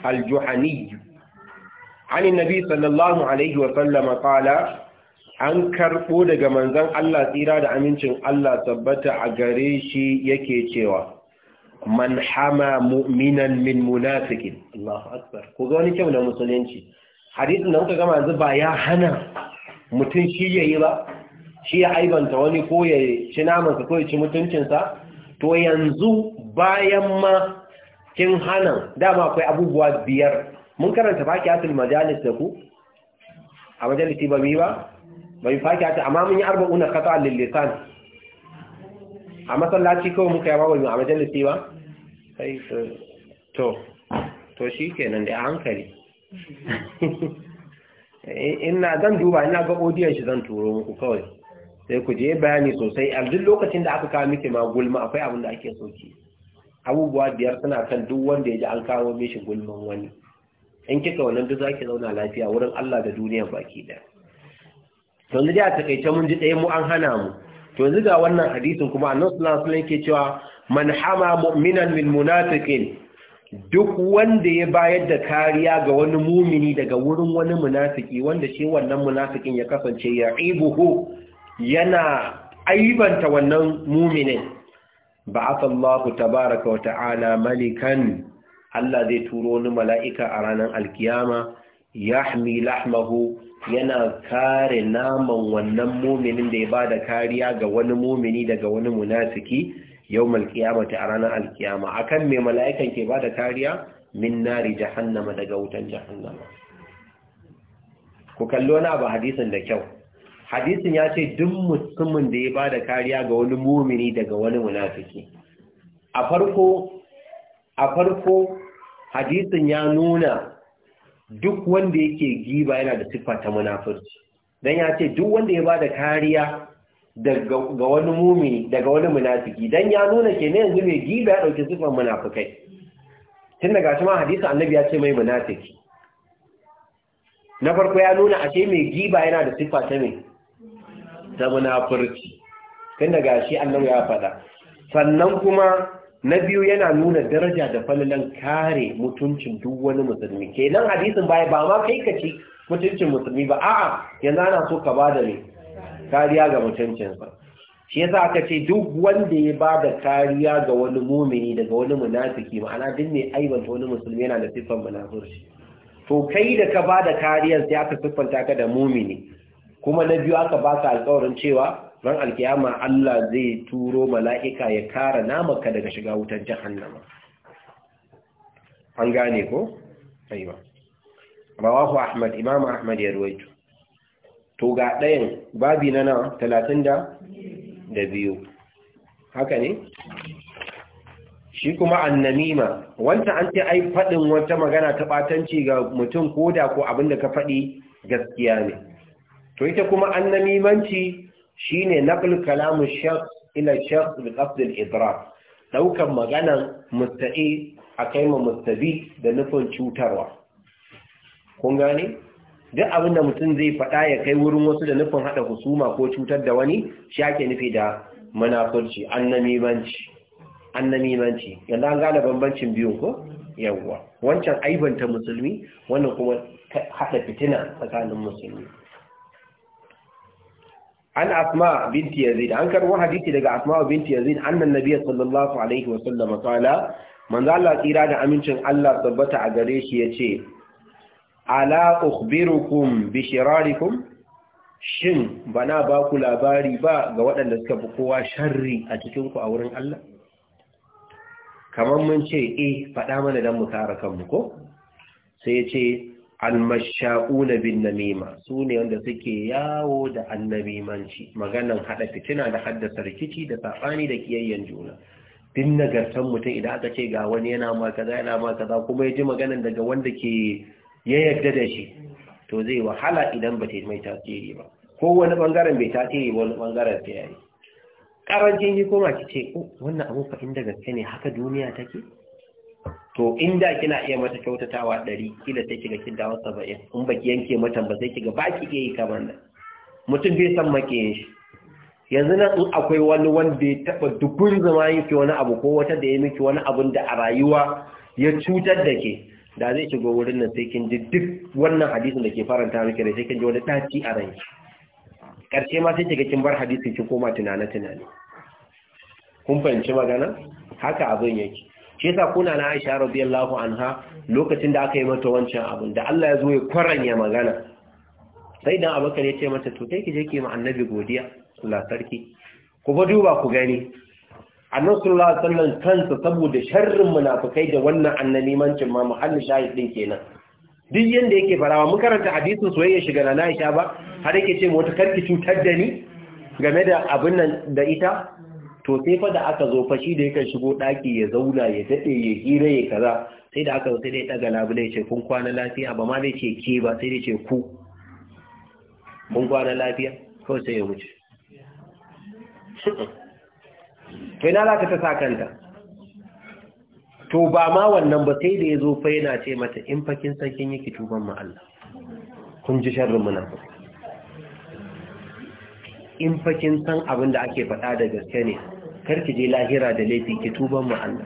an nabi sallallahu alaihi an karbo daga manzon Allah tsira da amincin Allah tabbata a gare shi yake cewa man hama mu'minan min munafiqin Allahu akbar ko ga wani kyau na musulunci hadisin da muka gama yanzu ba ya hana mutum shi ya yi ba shi ya aibanta wani ko ya ci namansa ko ya ci mutuncinsa to yanzu bayan ma kin hana dama akwai abubuwa biyar mun karanta fakiyatul majalis da ku a majalisi ba mi ba ba mi fakiyata amma mun yi arba'una kasa a lillisan, a masallaci kawai muka yawa ba a majalisi ba sai to to shi kenan da hankali Eh, ina zan duba ina ga odiyan shi zan turo muku kawai sai ku je bayani sosai a duk lokacin da aka kawo miki ma gulma akwai abin da ake soki abubuwa biyar suna kan duk wanda ya ji an kawo mishi gulman wani in kika wannan duk zaki zauna lafiya wurin Allah da duniya baki da to ni da takeice mun ji ɗaya mu an hana mu to yanzu ga wannan hadisin kuma annabi sallallahu alaihi wasallam yake cewa man hama mu'minan min munafiqin duk wanda ya bayar da kariya ga wani mumini daga wurin wani munafiki wanda shi wannan munafikin ya kasance ya ibuhu yana aibanta wannan muminin ba'atha Allah tabaraka wa ta'ala malikan Allah zai turo wani mala'ika a ranar alkiyama yahmi lahmahu yana kare naman wannan muminin da ya ba da kariya ga wani mumini daga wani munafiki Yau qiyamati a ranar alkiyama akan mai mala'ikan ke bada kariya min nari jahannama daga wutan jahannama ku kallo na ba hadisin da kyau hadisin ya ce duk musulmin da ya bada kariya ga wani mumini daga wani munafiki a farko a farko hadisin ya nuna duk wanda yake giba yana da siffa ta munafurci dan ya ce duk wanda ya bada kariya daga wani mumini daga wani munafiki dan ya nuna ke ne yanzu mai giba ya dauki sifan munafikai tun daga shi ma hadisi annabi ya ce mai munafiki na farko ya nuna ashe mai giba yana da sifa ta mai ta munafurci tun daga shi annabi ya faɗa sannan kuma na biyu yana nuna daraja da falalan kare mutuncin duk wani musulmi kenan hadisin baya ba ma kai ka ci mutuncin musulmi ba a'a yanzu ana so ka bada ne kariya ga mutuncinsa shi yasa aka ce duk wanda ya ba da kariya ga wani mumini daga wani munafiki ma'ana duk mai ta wani musulmi yana da siffar munafurci to kai da ka ba da kariyar sai aka siffanta ka da mumini kuma na biyu aka ba ka alƙawarin cewa ran alkiyama Allah zai turo mala'ika ya kara namaka daga shiga wutar jahannama an gane ko aiwa rawahu ahmad imam ahmad ya ruwaito to ga ɗayan babi na nawa talatin da biyu haka ne shi kuma annamima wanda an ce ai faɗin wata magana ta ɓatanci ga mutum ko da ko abinda ka faɗi gaskiya ne to ita kuma annamimanci shi shine naql kalamu shaf ila shaf bi qasd al-idrar daukan maganan musta'i akai ma mustabi da nufin cutarwa kun gane duk abin da mutum zai faɗa ya kai wurin wasu da nufin haɗa husuma ko cutar da wani shi ake nufi da munafurci annamimanci annamimanci yanzu an gane bambancin biyun ko yawwa wancan aibanta musulmi wannan kuma haɗa fitina tsakanin musulmi an asma binti yazid an karbo hadisi daga asma binti yazid annan nabiyyi sallallahu alaihi wa sallam qala manzo Allah tsira da amincin Allah tabbata a gare shi yace ala ukhbirukum bi shirarikum shin bana ba ku labari ba ga waɗanda suka fi kowa sharri a cikin ku a wurin Allah kamar mun ce eh faɗa mana dan mu tsara kanmu ko sai yace ce almasha'una bin namima sune wanda suke yawo da annabimanci maganan haɗa fitina da haddasa rikici da saɓani da kiyayyen juna din nagartan mutum idan aka ce ga wani yana ma kaza yana ma kaza kuma ya ji maganan daga wanda ke ya yarda da shi to zai wahala idan ba ta mai tasiri ba ko wani bangaren bai tasiri wani bangaren ta yayi karancin yi koma ki ce ko? Oh, wannan abu fa inda gaske ne haka duniya take to inda kina iya mata kyautatawa ɗari kila sai kiga kin dawo 70 in ba ki yanke mata ba sai kiga ki iya yi kamar nan mutum bai san make shi yanzu nan in akwai wani wanda ya taba dukun zama yake wani abu ko wata da ya miki wani abun da a rayuwa ya cutar da ke da zai shigo wurin nan sai kin ji duk wannan hadisin da ke faranta miki da sai kin ji wani daci a ranki karshe ma sai kiga kin bar hadisin ki koma tunane tunane kun fahimci magana haka abin yake shi yasa kuna na Aisha radiyallahu anha lokacin da aka yi mata wancan abin da Allah ya zo ya kwaranya magana sai dan Abubakar ya ce mata to kai ki je ki ma annabi godiya alaihi sarki ku ba duba ku gani annabi sallallahu sallar kansa saboda sharrin munafukai da wannan annabimancin ma muhallin shahid din kenan duk yanda yake farawa mun karanta hadisin soyayya shiga na Aisha ba har yake ce mu ta karki cutar da ni game da abin nan da ita to sai fa da aka zo fashi da yakan shigo daki ya zauna ya dade ya hira ya kaza sai da aka sai da ya daga labule ce kun kwana lafiya ba ma da ce ke ba sai da ce ku kun kwana lafiya kawai sai ya wuce to ina za ta sa kanta to ba ma wannan ba sai da ya zo fa yana ce mata in fakin sakin yake tuban ma Allah kun ji sharrin muna? in fakin san abin da ake faɗa da gaske ne kar ki je lahira da laifi ki tuban ma Allah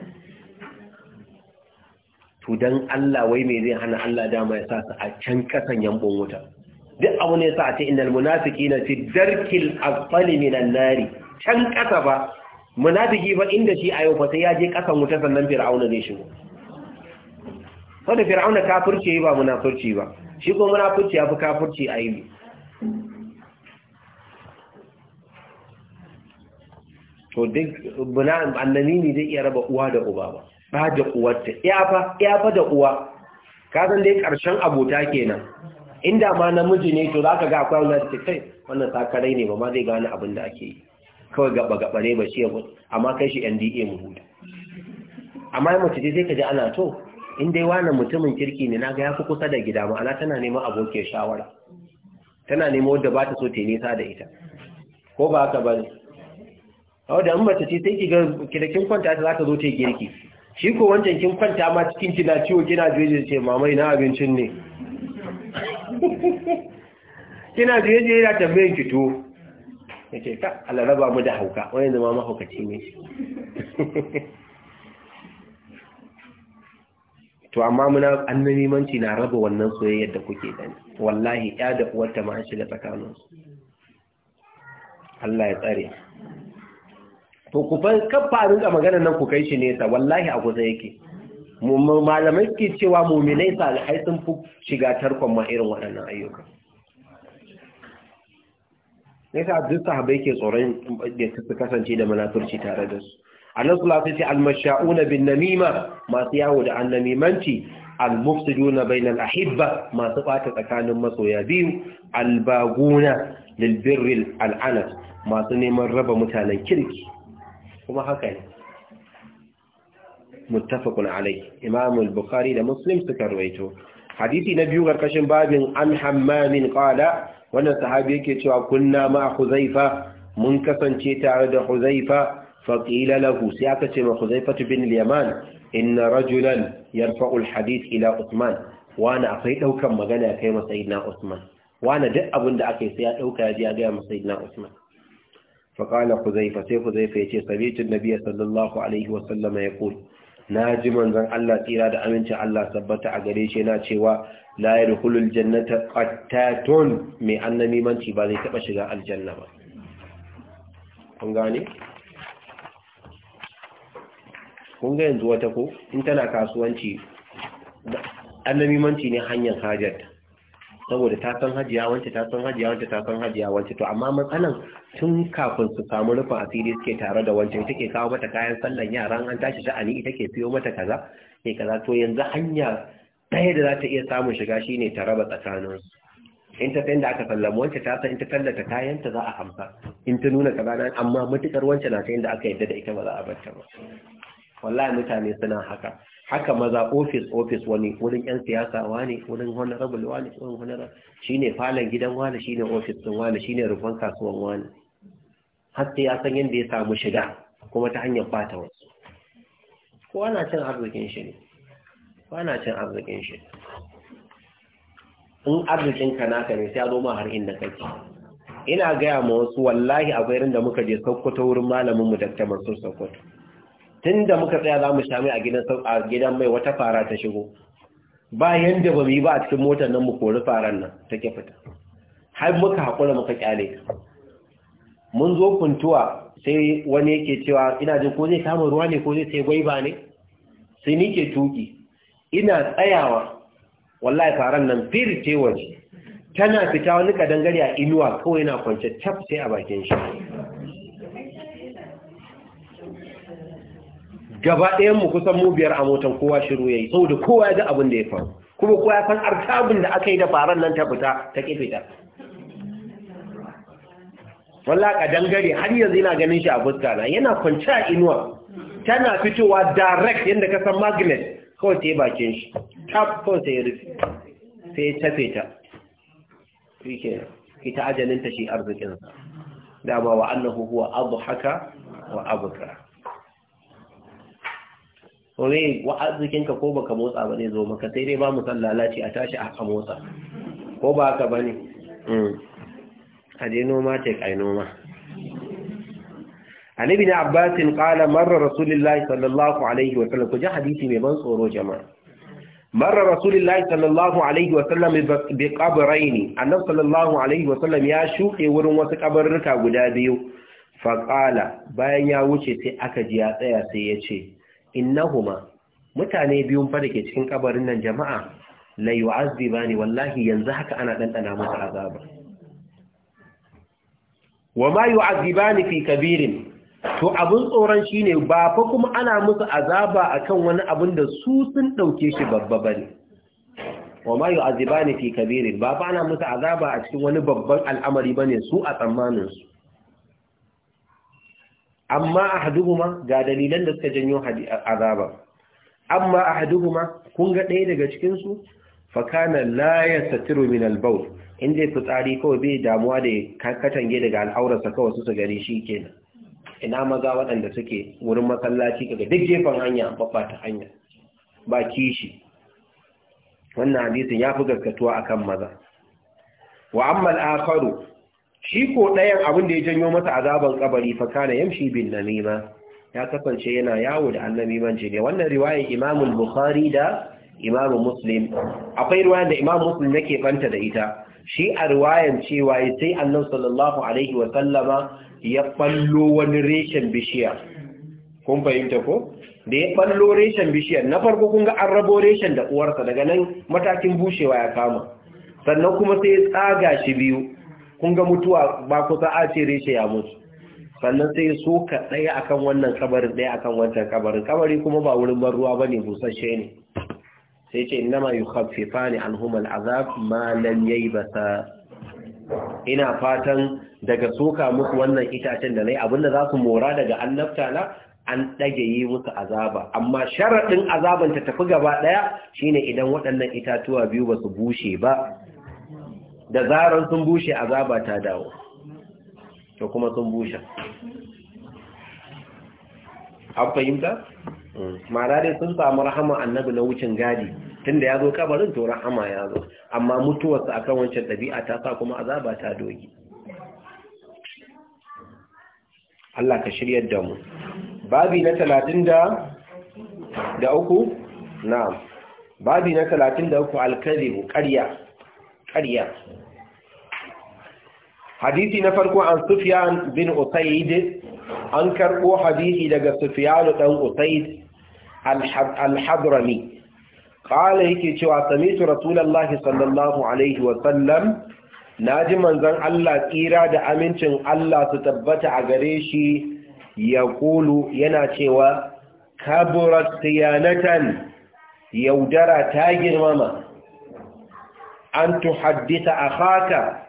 to dan Allah wai me zai hana Allah dama ya sa su a can kasan yambon wuta duk abu ne sa a ce innal munafiqina fi darkil asfali minan nari can kasa ba munafiki ba inda shi a yau fa sai ya je kasan wuta sannan fir'auna shi shigo da fir'auna kafirci ba munafirci ba shi ko munafirci ya fi kafirci a yi to duk buna annani ne zai iya raba uwa da uba ba ba da uwarta ya fa da uwa ka san dai karshen abota kenan inda ma namiji ne to zaka ga akwai wani kai wannan sakarai ne ba ma zai gane abin da ake yi kawai gaba-gaba ne ba shi ya amma kai shi nda mu huda. amma yi mace zai ka ji ana to in dai wani mutumin kirki ne na ga ya fi kusa da gida ma'ana tana nema abokin shawara tana neman wadda ba ta so ta nisa da ita ko ba ka bari? Hau a wadda in mace ce sai ki ga kin kwanta ta za ta zo ta yi girki shi ko wancan kin kwanta ma cikin kina ciwo kina jeje ce mamai na abincin ne kina jeje yana tambayin ki to ya ce ka alaraba mu da hauka wani zama mahaukaci ne to amma muna manci na raba wannan soyayyar da kuke gani wallahi ya da uwarta ma an shiga tsakaninsu Allah ya tsare to ku fa kafarin ga magana nan ku kai shi nesa wallahi a kusa yake Mu malamai ke cewa muminai salihai sun fi shiga tarkon ma irin waɗannan ayyuka yasa duk sahabai ke tsoron da su kasance da manafurci tare da su annabi sallallahu alaihi al-masha'una bin namima masu yawo da annamimanci al-mufsiduna bainal ahibba masu bata tsakanin masoya biyu Albaguna baguna lil birri masu neman raba mutanen kirki kuma haka ne muttafaqun alai imam al-bukhari da muslim suka rawaito hadisi na biyu karkashin babin an hammamin qala wannan sahabi yake cewa kunna ma huzaifa mun kasance tare da huzaifa faƙila lahu sai aka ce ma huzaifa bin liyaman inna rajulan yarfa'ul hadith ila usman wani akwai ɗaukan magana ya kai Sayyidina usman wani duk abinda da aka sai ya ɗauka ya ji ya gaya masayidina usman faƙala huzaifa sai huzaifa ya ce sabitin nabiya sallallahu alaihi wasallama ya kuli na ji manzan Allah tsira da amincin Allah sabbata a gare shi yana cewa la yadkhulul jannata qattatun mai annami manci ba zai taba shiga aljanna ba kun gane kun ga yanzu wata ko in tana kasuwanci annami manci ne hanyar hajarta saboda ta san hajiya wance ta san hajiya wance ta san hajiya wance to amma matsalan tun kafin su samu rufin asiri suke tare da wance ita ke kawo mata kayan sallan yaran an tashi sha'ani ita ke siyo mata kaza ke kaza to yanzu hanya ɗaya da za ta iya samun shiga shine ta raba tsakanin in ta san da aka sallama wance ta san in ta tallata kayanta za a hamsa in ta nuna kaza na amma matukar wance na ta da aka yadda da ita ba za a bar ta ba wallahi mutane suna haka haka maza ofis ofis wani wurin yan siyasa wani wurin honorable wani wurin honorable shine falon gidan wani shine ofis din wani shine rufan kasuwan wani har sai ya san yadda ya samu shiga kuma ta hanyar bata wasu ko ana cin arzikin shi ne ko ana cin arzikin shi in arzikin ka naka ne sai zo ma har inda kake ina gaya ma wasu wallahi akwai rinda muka je sokoto wurin malamin mu dakta mansur sokoto tun da muka tsaya za mu sami a gidan mai wata fara ta shigo ba yadda ba mu yi ba a cikin motar nan mu kori faran nan ta ke fita har muka haƙura muka kyale mun zo kuntuwa sai wani yake cewa ina jin ko zai samun ruwa ne ko zai sai gwaiba ne sai ni ke tuki ina tsayawa wallahi faran nan firce waje tana fita wani kadangare a inuwa kawai na kwance taf sai a bakin shi gaba ɗayan mu kusan mu biyar a motan kowa shiru yayi saboda kowa ya ga abin da ya faru kuma kowa ya san arkabin da aka yi da faran nan ta fita ta ta walla ka dangare har yanzu ina ganin shi a fuska na yana kwance a inuwa tana fitowa direct yadda ka san magnet kawai ta yi bakin shi ta kawai sai ya rufe sai ta tafe ta ita ta shi arzikinsa ba wa annahu huwa abu haka wa abuka sore ne wa arzikinka ko baka motsa ba ne zo maka sai dai ba mu lalace a tashi a ka motsa ko ba ka ba ne mm. a je noma ce kai noma an bin abbas qala marra rasulullahi sallallahu alaihi wa sallam kuji hadisi mai ban tsoro jama'a marra rasulullahi sallallahu alaihi wa sallam bi qabrayn annabi sallallahu alaihi wa sallam ya shuke wurin wasu kabarruka guda biyu faƙala bayan ya wuce sai aka ji ya tsaya sai ya ce innahuma mutane biyun fa dake cikin kabarin nan jama'a la yu'azzibani wallahi yanzu haka ana dandana masa azaba wa ma yu'azzibani fi kabirin to abun tsoron shine ba fa kuma ana musu azaba akan wani abun da su sun dauke shi babba bane wa ma yu'azzibani fi kabirin ba fa ana musu azaba a cikin wani babban al'amari bane su a tsammanin su amma ahaduhuma ga dalilan da suka janyo azaba amma ahaduhuma kun ga ɗaya daga cikin su fakana la yastatiru min al-bawl inda fitsari kawai bai damuwa da katange daga al'aurarsa kawai su su gari shi kenan ina maza waɗanda suke wurin masallaci daga duk jefan hanya hanya ba kishi wannan hadisin ya fi gaskatuwa akan maza wa amma shi ko ɗayan abin da ya janyo masa azaban kabari fa kana yamshi bin namima ya kasance yana yawo da annabimanci jini wannan riwayar Imam Bukhari da Imam Muslim akwai riwayar da Imam Muslim yake banta da ita shi a riwayar cewa sai Annabi sallallahu alaihi wa sallama ya ballo wani reshen bishiya kun fahimta ko da ya ballo reshen bishiya, na farko kun ga an rabo reshen da uwarsa daga nan matakin bushewa ya kama sannan kuma sai ya tsaga shi biyu kun ga mutuwa ba kusa a ce reshe ya mutu sannan sai so ka ɗaya akan wannan kabarin ɗaya akan wancan kabarin kabari kuma ba wurin ban ruwa ne, busasshe ne sai ce innama yukhaffifani alhumar azab ma yi basa ina fatan daga soka musu wannan itacen da na yi abinda za su mora daga annabta na an ɗage yi musu azaba amma sharaɗin azabanta ta tafi gaba ɗaya shine idan waɗannan itatuwa biyu ba su bushe ba da zarar sun bushe azaba ta dawo to kuma sun bushe an fahimta? mara dai sun samu rahama annabi na wucin gadi tunda ya zo kabarin to rahama ya zo amma mutuwarsa a kan wancan ɗabi'a ta sa kuma azaba ta dogi Allah ka shiryar da mu babi na talatin da da uku na babi na talatin da uku alkalibu ƙarya ƙarya hadisi na farko an sufyan bin usaid an karbo hadisi daga sufyan dan usaid al-hadrami qala yake cewa sami'tu rasulullahi sallallahu alaihi wa sallam naji manzon Allah tsira da amincin Allah su tabbata a gare shi ya kulu yana cewa kaburat siyanatan yaudara ta girmama an tuhaddisa akhaka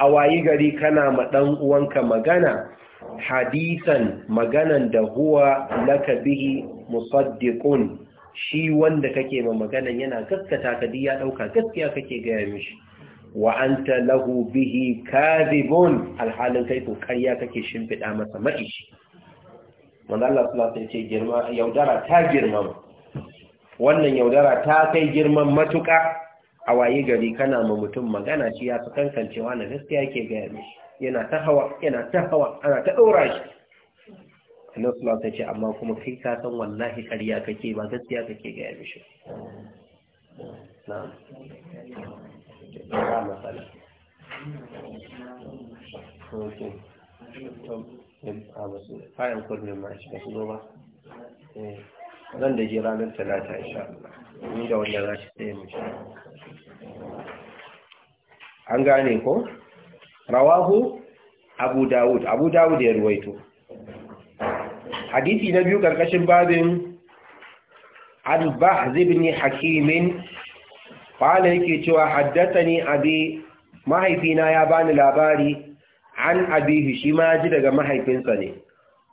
a wayi gari kana ma ɗan uwanka magana hadisan maganan da huwa laka bihi musaddiqun shi wanda kake ma maganan yana gaskata ka ya dauka gaskiya kake gaya mishi wa anta lahu bihi kadhibun alhalin kai ko ƙarya kake shimfiɗa masa maishi wanda Allah sallallahu alaihi wasallam girma yaudara ta girma wannan yaudara ta kai girman matuƙa. a waye gari kana ma mutum magana shi ya fi kankancewa na gaskiya ke gaya mishi yana ta hawa yana ta hawa ana ta ɗora shi annan ta ce amma kuma kai ka san wallahi ƙarya kake ba gaskiya kake gaya mishi shi eh, zan da jira nan talata insha Allah ni da wanda za shi tsaye mu shi an gane ko rawahu abu dawud abu dawud ya ruwaito hadisi na biyu karkashin babin al-bahz ibn hakim qala yake cewa haddathani abi mahaifina ya bani labari an abihi shi ma ji daga mahaifinsa ne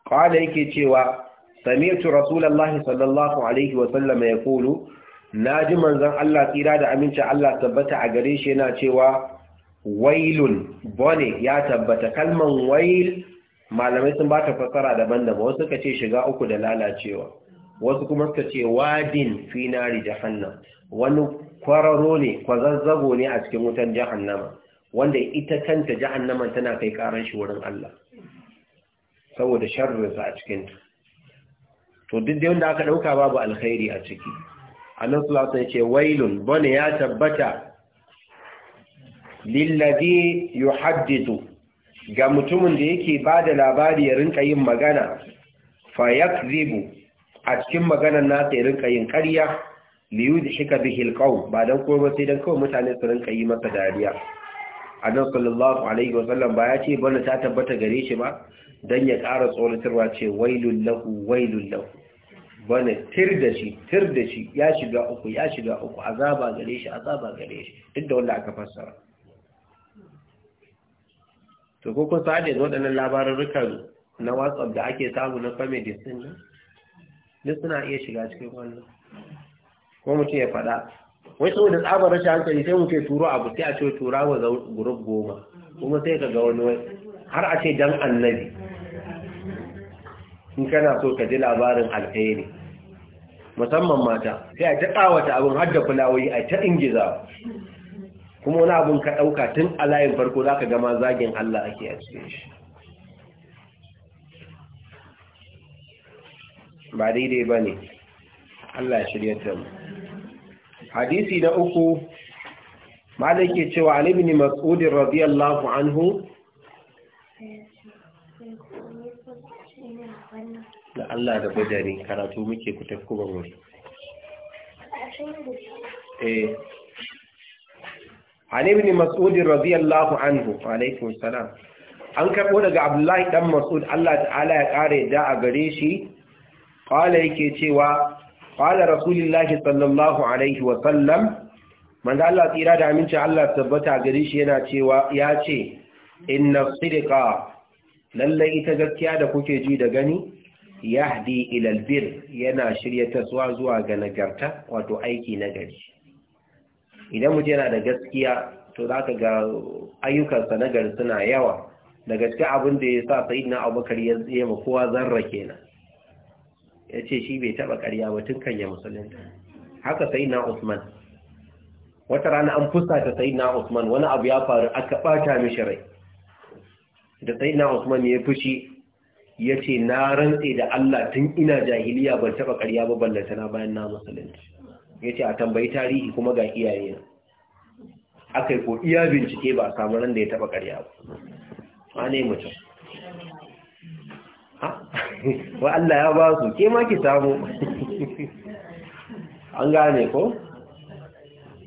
qala yake cewa sami'tu rasulullahi sallallahu alaihi wa sallam yaqulu naji manzon Allah tsira da aminci Allah tabbata a gare shi yana cewa wailun bone ya tabbata kalman wail malamai sun ba ta fasara daban-daban wasu suka ce shiga uku da lalacewa wasu kuma suka ce wadin finari jahannam wani kwararo ne kwazazzago ne a cikin wutan jahannama wanda ita kanta nama tana kai karan shi wurin Allah saboda sharrinsa a cikin ta to duk da wanda aka dauka babu alkhairi a ciki Allah sallallahu alaihi wasallam ce wailun bone ya tabbata lillazi yuhaddithu ga mutumin da yake ba da labari ya rinka yin magana fa yakzibu a cikin maganar nasa ya rinka yin ƙarya li yudhika bihi alqawm ba dan ko ba sai dan kawai mutane su rinka yi masa dariya anan sallallahu alaihi wasallam ba ya ce bana ta tabbata gare shi ba dan ya ƙara tsoratarwa ce wailul lahu wailul lahu bane tir da shi tir da shi ya shiga uku ya shiga uku azaba gare shi azaba gare shi duk da wanda aka fassara to ko kun sa'ad da waɗannan labarurrukan na whatsapp da ake samu na comedy sun ne duk suna iya shiga cikin wannan ko mutum ya faɗa wai saboda tsabar rashin hankali sai mutum ya turo abu sai a ce tura wa group goma kuma sai ka ga wani wai har a ce dan annabi in kana so ka ji labarin alheri musamman mata sai a ta kawata abin har da fulawoyi a ta ingiza kuma wani abun ka ɗauka tun a layin farko za ka gama zagin Allah ake a cikin shi ba daidai ba ne Allah shirya ta mu hadisi na uku da ke cewa alibini mas'udin radiyallahu anhu da Allah da badari karatu muke ku tafkuban wuri eh an Mas'udin mas'ud radiyallahu anhu alaikum salam an karɓo daga abdullahi dan mas'ud Allah ta'ala ya ƙara da a gare shi qala yake cewa qala rasulullahi sallallahu alaihi wa sallam manzo Allah tsira da aminci Allah tabbata gare shi yana cewa ya ce inna sidqa lalle ita gaskiya da kuke ji da gani yahdi ila yana shirya taswa zuwa ga nagarta wato aiki nagari idan mutum yana da gaskiya to za ka ga ayyukansa na gari suna yawa da gaske abin da ya sa sai na abubakar ya tsaye ma kowa zarra kenan ya ce shi bai taɓa karya ba tun kan ya musulunta haka sai na usman wata rana an fusata sai na usman wani abu ya faru aka ɓata mishi rai da sai na usman ya fushi ya ce na rantse da allah tun ina jahiliya ban taba karya ba ballantana bayan na musulunci ya ce a tambayi tarihi kuma ga iyaye na. aka yi ko iya bincike ba a samu ran da ya taba karya ba A ne mutum wa Allah ya ba su ke ma ki samu an gane ko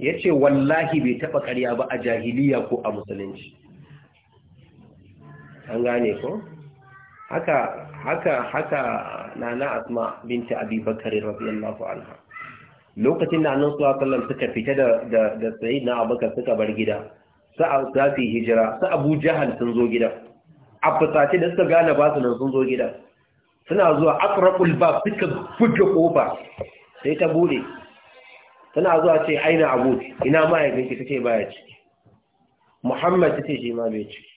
ya ce wallahi bai taba karya ba a jahiliya ko a musulunci an gane ko haka haka haka nana asma binta abi bakari radiyallahu anha lokacin da annan suwa sallar suka fita da sayi na abokan suka bar gida Sa'a za su yi hijira sa abu jihar sun zo gida a fusace da suka gane ba su nan sun zo gida suna zuwa akrabul ba suka buga kofa sai ta bude Suna zuwa ce aina abu ina ma'aikinki ta ce baya ciki muhammad ta ce shi ma bai ciki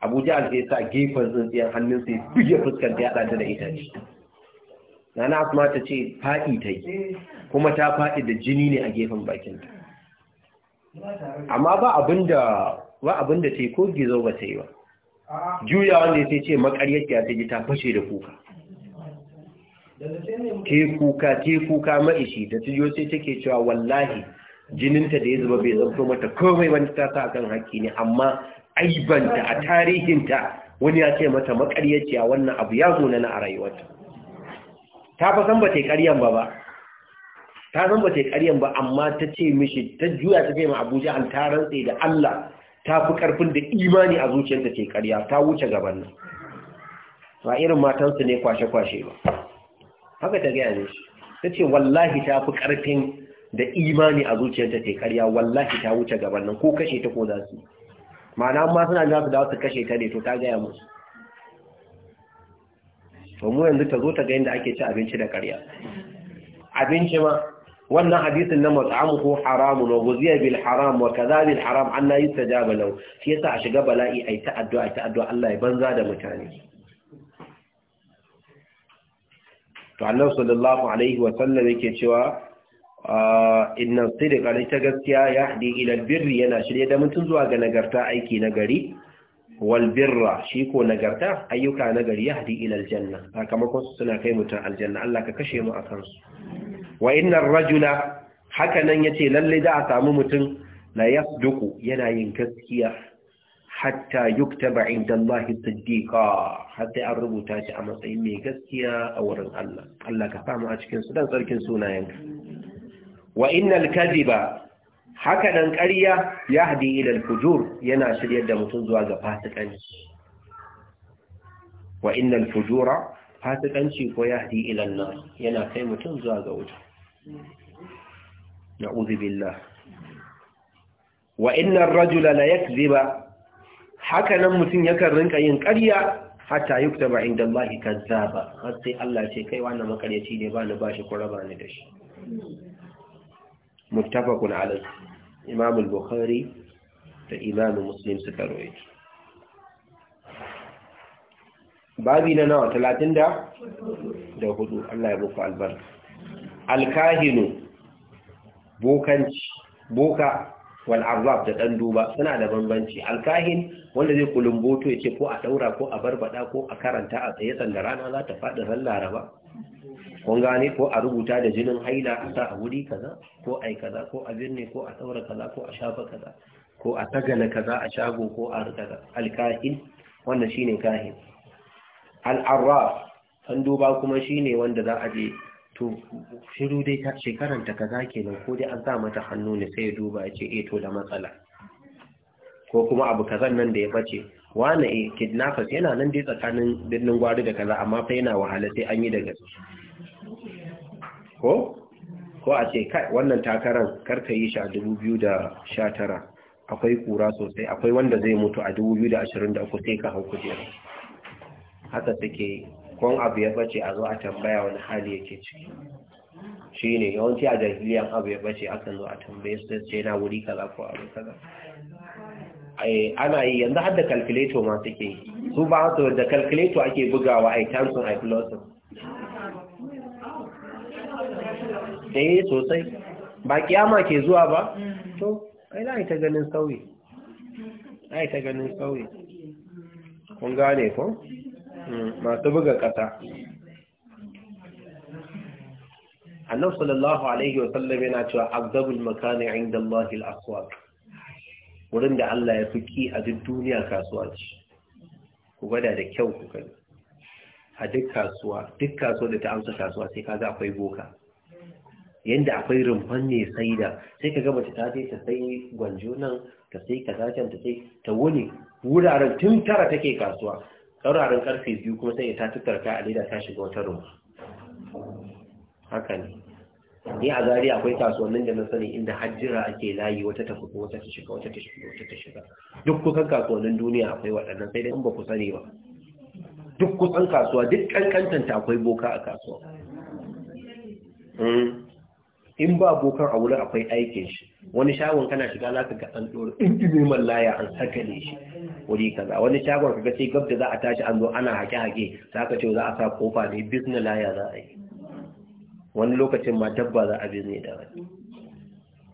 abu jihar sai sa gefen tsintsiyar hannun sai buge fuskanta ya ɗanta da itace nana asma ta ce faɗi ta yi kuma ta faɗi da jini ne a gefen bakinta amma ba abinda ba ta yi ko gizo ba ta yi ba juya wanda ya ce makaryaciya ta ji ta fashe da kuka Ke kuka ke kuka ma'ishi da ta yi sai take cewa wallahi jininta da ya zuba bai zanto mata komai wani ta sa kan haƙƙi ne amma aibanta a tarihinta wani ya ce mata makaryaciya wannan abu ya zo na a rayuwarta ta fa san ba ta ƙaryan ba ba ta san ba ta ƙaryan ba amma ta ce mishi ta juya ta ce ma Abuja an ta rantse da Allah ta fi ƙarfin da imani a zuciyarta ce ƙarya ta wuce gaban nan ba irin matansu ne kwashe-kwashe ba haka ta gaya ne ta ce wallahi ta fi ƙarfin da imani a zuciyarta ce ƙarya wallahi ta wuce gaban nan ko kashe ta ko za su ma'ana ma suna za su dawo su kashe ta ne to ta gaya musu to mu yanzu ta zo ta ga yadda ake ci abinci da ƙarya abinci ma wannan hadisin na mat'amu ko haramun wa guziya bil haram wa kaza bil haram an la yustajaba lahu shi yasa a shiga bala'i ai ta addu'a ta addu'a Allah ya banza da mutane to Allah sallallahu alaihi wa sallam yake cewa ah, inna sidqa ta gaskiya yahdi ila birri yana shirye da mutun zuwa ga nagarta aiki na gari. walbirra shi ko nagarta ayyuka nagari ya haɗi ilal janna sakamakon su suna kai mutum aljanna Allah ka kashe mu a kansu wa innar rajula haka nan yace lalle za a samu mutum la yasduku yana yin gaskiya hatta yuktaba inda Allah siddiqa hatta an rubuta shi a matsayin mai gaskiya a wurin Allah Allah ka samu a cikin su dan sarkin sunayenka wa innal kadiba haka nan ƙarya ya hadi ilal fujur yana shiryar da mutum zuwa ga fasikanci wa innal fujura fasikanci ko ya hadi ilal nar yana kai mutum zuwa ga wuta na billah wa innar rajula la ziba, haka nan mutum yakan rinka yin ƙarya hatta yuktaba inda Allah kazzaba har sai Allah ce kai wannan makaryaci ne ba ni bashi ko raba ni da shi muttafaqun alayhi imam al-bukhari da imam muslim suka rawaito babi nawa 30 da hudu Allah ya muku albarka alkahinu boka wal'arraf da ɗan duba suna da bambanci alkahin wanda zai kulumboto ya ce ko a ɗaura ko a baɗa ko a karanta a tsaye sanda rana za ta faɗi ran laraba kun gane ko a rubuta da jinin haila a sa a wuri kaza ko a yi kaza ko a birni ko a ɗaura kaza ko a shafa kaza ko a tagana kaza a shago ko a kaza alkahin wannan ne kahin al'arraf ɗan duba kuma shine wanda za a je to shiru dai ta shekaran ta kaza kenan ko dai an sa mata hannu ne sai ya duba ya ce eto eh da matsala ko kuma abu kazan nan da ya bace wane eh kidnappers yana nan dai tsakanin birnin gwari da kaza amma fa yana wahala sai an yi da gaske ko ko a ce kai wannan takaran karka yi shi a 2019 akwai kura sosai akwai wanda zai mutu a 2023 sai ka hau kujera haka take kun abu ya bace a zo a tambaya wani hali yake ciki shi ne yawanci a jahiliyan abu ya bace kan zo a tambaye su ce na wuri kaza ko abu kaza ana yi yanzu har da calculator ma suke yi su ba su da calculator ake bugawa a tansun a filosof yi sosai ba kiyama ke zuwa ba to ai na ta ganin sauyi yi ta ganin sauyi kun gane ko Hmm, masu buga ƙasa annan sallallahu alaihi wasallam yana cewa abdabul makani inda Allahil aswak wurin da Allah ya fi ki a duk duniya kasuwa ce ku gwada da kyau ku kai a duk kasuwa duk kasuwa da ta amsa kasuwa sai kaga akwai boka yanda akwai rumfan ne sai da sai ka mace ta je ta sai gwanjo nan ta sai ka can ta sai ta wuni wuraren tun tara take kasuwa sauraron karfe biyu kuma sai ta tuttarka a leda ta shiga wata rumfa haka ne ni a zari akwai kasuwannin da na sani inda hajjira ake layi wata tafi kuma wata ta shiga wata ta shiga wata ta shiga duk kusan kasuwannin duniya akwai waɗannan sai dai in ba ku sani ba duk kusan kasuwa duk kankantanta akwai boka a kasuwa hmm. in ba abokan a wurin akwai aikin shi wani shagon kana shiga za ka ga an ɗora ɗin laya an sakale shi wuri kaza wani shagon ka ga sai gab da za a tashi an zo ana hake-hake za ka ce za a sa kofa ne bizna laya za a yi wani lokacin ma dabba za a bizne da wani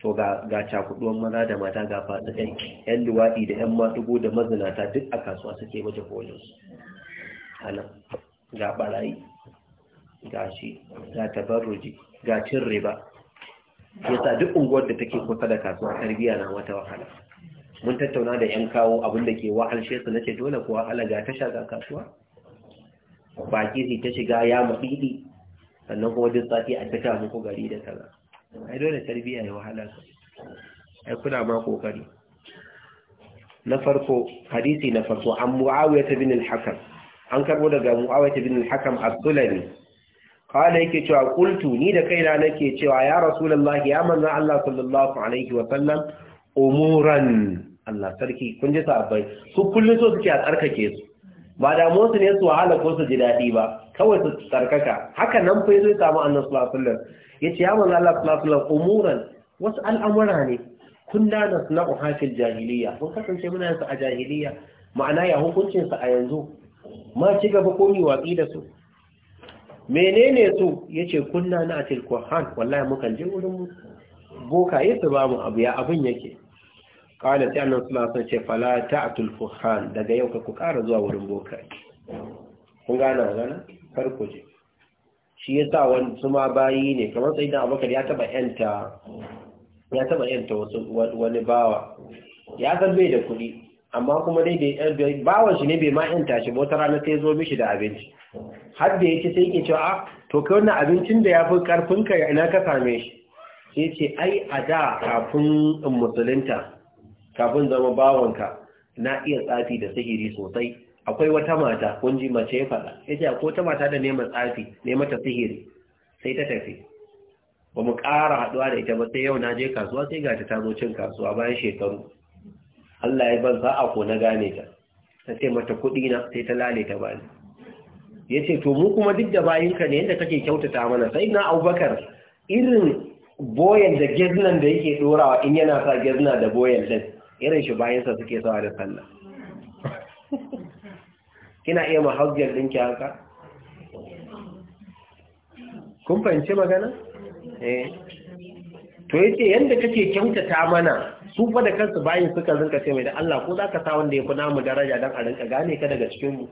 to ga ga cakuduwan maza da mata ga faɗi ɗan yan luwaɗi da ƴan maɗugo da mazinata duk a kasuwa suke mata su. anan ga ɓarayi ga shi ga tabarruji ga cin riba yasa duk unguwar da take kusa da kasuwa tarbiya na wata wahala mun tattauna da yan kawo abin da ke wahalshe su nace dole ko wahala ga ta shaga kasuwa baki ta shiga ya mabidi sannan kuma duk sati a taka muku gari da kaza ai dole tarbiya ya wahala ka ai kuna ma kokari na farko hadisi na farko an muawiya bin al-hakam an karbo daga mu'awiyata bin al-hakam as-sulami kala yake cewa qultu ni da kaina nake cewa ya rasulullahi ya manza Allah sallallahu alaihi wa sallam umuran Allah sarki kun ji sabai su kullun so suke a tsarkake su ba damuwa su ne su wahala ko su ji daɗi ba kawai su tsarkaka haka nan fa zai samu annabi sallallahu alaihi wasallam yace ya manza Allah sallallahu alaihi wasallam umuran wasu al'amura ne kunna nasna'u hafil jahiliya mun kasance muna yin su a jahiliya ma'ana ya hukuncin su a yanzu ma ci gaba ko mi watsi da su menene su yace kunna na atil qur'an wallahi mukan je wurin boka yace ba mu abu ya abin yake qala ta annabi sallallahu alaihi ce fala ta'tul qur'an daga yau ka ku ƙara zuwa wurin boka kun gane magana kar ku je shi yasa wani kuma bayi ne kamar sai da abubakar ya taba yanta ya taba yanta wani bawa ya san bai da kuɗi amma kuma dai 'yar eh, bai bawan shi ne bai ma yanta shi wata rana sai zo mishi da abinci har da yake sai yake cewa ah, to kai wannan abincin da ya fi karfin ka ina ka same shi sai ce ai a da kafin in musulunta kafin zama bawanka na iya tsafi da sihiri sosai akwai wata mata kun ji mace ya faɗa ya ce akwai wata mata da neman tsafi neman ta sihiri sai ta tafi ba mu ƙara haɗuwa da ita ba sai yau na je kasuwa sai ga ta zo cin kasuwa bayan shekaru Allah ya ban sa'a ko na gane ta ta ce mata kuɗi na sai ta lale ta bani ya ce to mu kuma duk da bayinka ne yadda kake kyautata mana sai na abubakar irin boyan da geznan da yake ɗorawa in yana sa gezna da boyan ɗin irin shi bayansa suke sawa da sallah kina iya mahajjar ɗinki haka kun fahimci magana? eh to ya ce yadda kake kyautata mana su fa da kansu bayin suka zinka ce mai da Allah ko za ka sa wanda ya fi namu daraja don a rinka gane ka daga cikinmu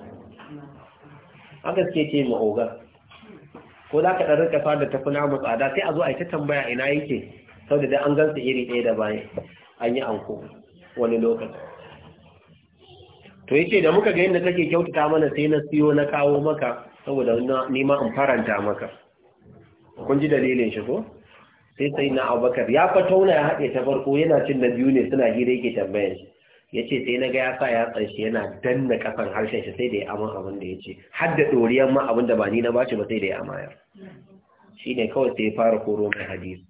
haka gaske ce mu oga ko za ka ɗan rinka sa da ta fi namu tsada sai a zo a yi ta tambaya ina yake sau da an gansa iri ɗaya da bayan an yi anko wani lokaci to ya ce da muka ga yadda kake kyautata mana sai na siyo na kawo maka saboda nima in faranta maka kun ji dalilin shi ko? sai sai na abubakar ya fata wuna ya haɗe ta farko yana cin na biyu ne suna hira yake tambayan shi ya ce sai na ga ya sa ya tsanshi yana danna kasan harshen shi sai da ya aman abin da ya ce har da ɗoriyar ma abin da ba ni na ce ba sai da ya amayar shi ne kawai sai ya fara koro mai hadisi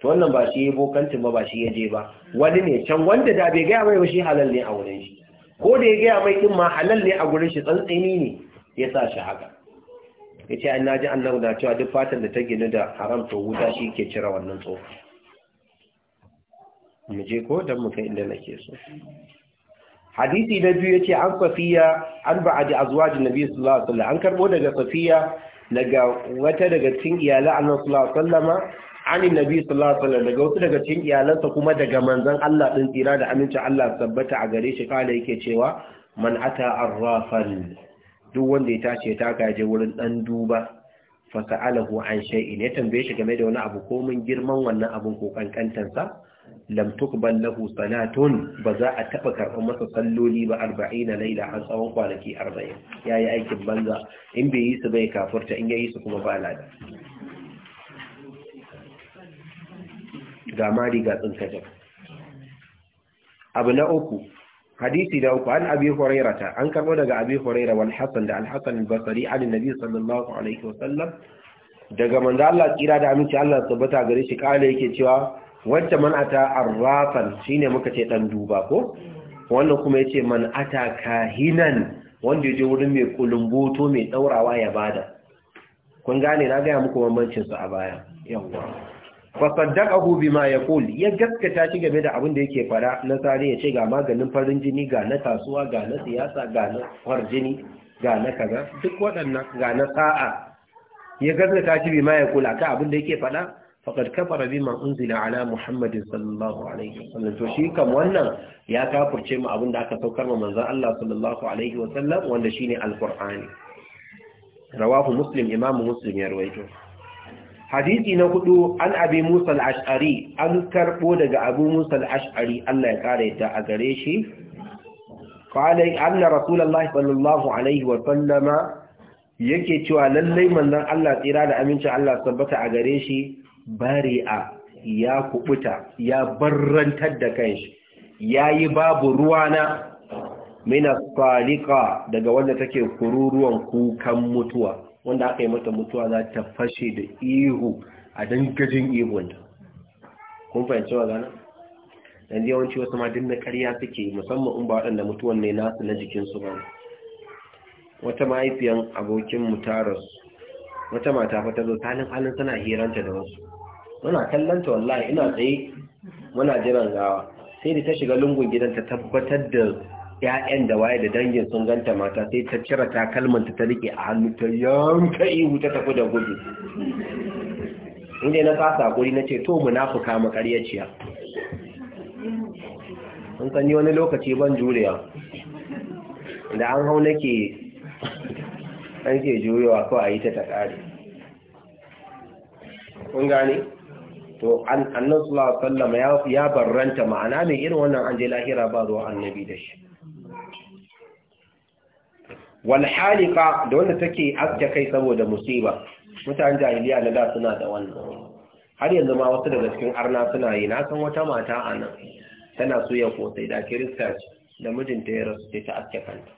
to wannan ba shi ya bokancin ba ba shi ya je ba wani ne can wanda da bai gaya mai ba shi halal ne a wurin shi ko da ya gaya mai ɗin ma halal ne a wurin shi tsantsini ne ya sa shi haka ya ce an naji annabu na cewa duk fatan da ta gina da haram to wuta shi ke cire wannan tsoho mu je ko don muka inda nake so hadisi na biyu yace an safiya an ba'adi azwajin nabi sallallahu alaihi wasallam an karbo daga safiya daga wata daga cikin iyalan annabi sallallahu alaihi wasallam ani nabi sallallahu alaihi wasallam daga wasu daga cikin iyalansa kuma daga manzon Allah din tsira da amincin Allah tabbata a gare shi kala yake cewa man ata arrafan duk wanda ya tashi ya taka wurin ɗan duba fasa'alahu an shay'in ya tambaye shi game da wani abu ko mun girman wannan abun ko kankantan sa lam tuqbal lahu salatun ba za a taba karɓar masa salloli ba 40 laila a tsawon kwanaki 40 yayi aikin banza in bai yi su bai kafurta in yayi su kuma ba lada ga mari ga abu na uku hadisi da uku an abi an karbo daga abi huraira wal hasan da al hasan al basri an annabi sallallahu alaihi wasallam daga manzo Allah kira da aminci Allah tabbata gare shi kale yake cewa wacce man ata arrafan shine muka ce dan duba ko wannan kuma yace man ata kahinan wanda yaje wurin mai kulumboto mai daurawa ya bada kun gane na ga muku bambancin su a baya yawwa fa saddaqahu bima yaqul ya gaskata shi game da abin da yake fara na sare ya ce ga maganin farin jini ga na kasuwa ga na siyasa ga na jini ga na kaza duk waɗannan ga na sa'a ya gaskata shi bima yaqul aka abin da yake fara faqad kafara bima unzila ala muhammadin sallallahu alaihi wasallam to shi kam wannan ya kafurce mu abin da aka saukar ma manzon Allah sallallahu alaihi wasallam wanda shine alqur'ani rawahu muslim imamu muslim ya rawaito hadisi na hudu an abi musa al-ash'ari an karbo daga abu musa al-ash'ari Allah ya kare ta a gare shi qala anna rasulullahi sallallahu alaihi wa sallama yake cewa lallai manzon Allah tsira da amincin Allah sabbata a gare shi bari'a ya kubuta ya barrantar da kanshi yayi babu ruwana mina salika daga wanda take kururuwan kukan mutuwa wanda aka yi mata mutuwa za ta fashe da ihu a dangajin ihunta kun fahimci wa gana yanzu yawanci wasu ma dinna karya suke musamman in ba waɗanda mutuwan ne nasu na jikinsu ba wata mahaifiyan abokin mutaras wata mata fa ta zo talin halin tana hiranta da wasu muna kallanta wallahi ina tsaye muna jiran gawa sai da ta shiga lungun gidan ta tabbatar da Ya'yan da waye da dangin sun ganta mata sai ta cire takalmanta ta rike a hannu ta yanka ihu ta tafi da gudu inda na kasa guri na ce to munafuka makaryaciya sun sani wani lokaci ban juriya. da an hau nake an ke jurewa ko a yi ta ta ƙari kun gane to annan sallama ya barranta ma'ana mai irin wannan an je lahira ba zuwa annabi da shi wal da wanda take aske kai saboda musiba mutane jahiliya na da suna da wannan har yanzu ma wasu daga cikin arna suna yi na san wata mata a nan tana suya sai da kirista ce da mijinta ya rasu sai ta aske kanta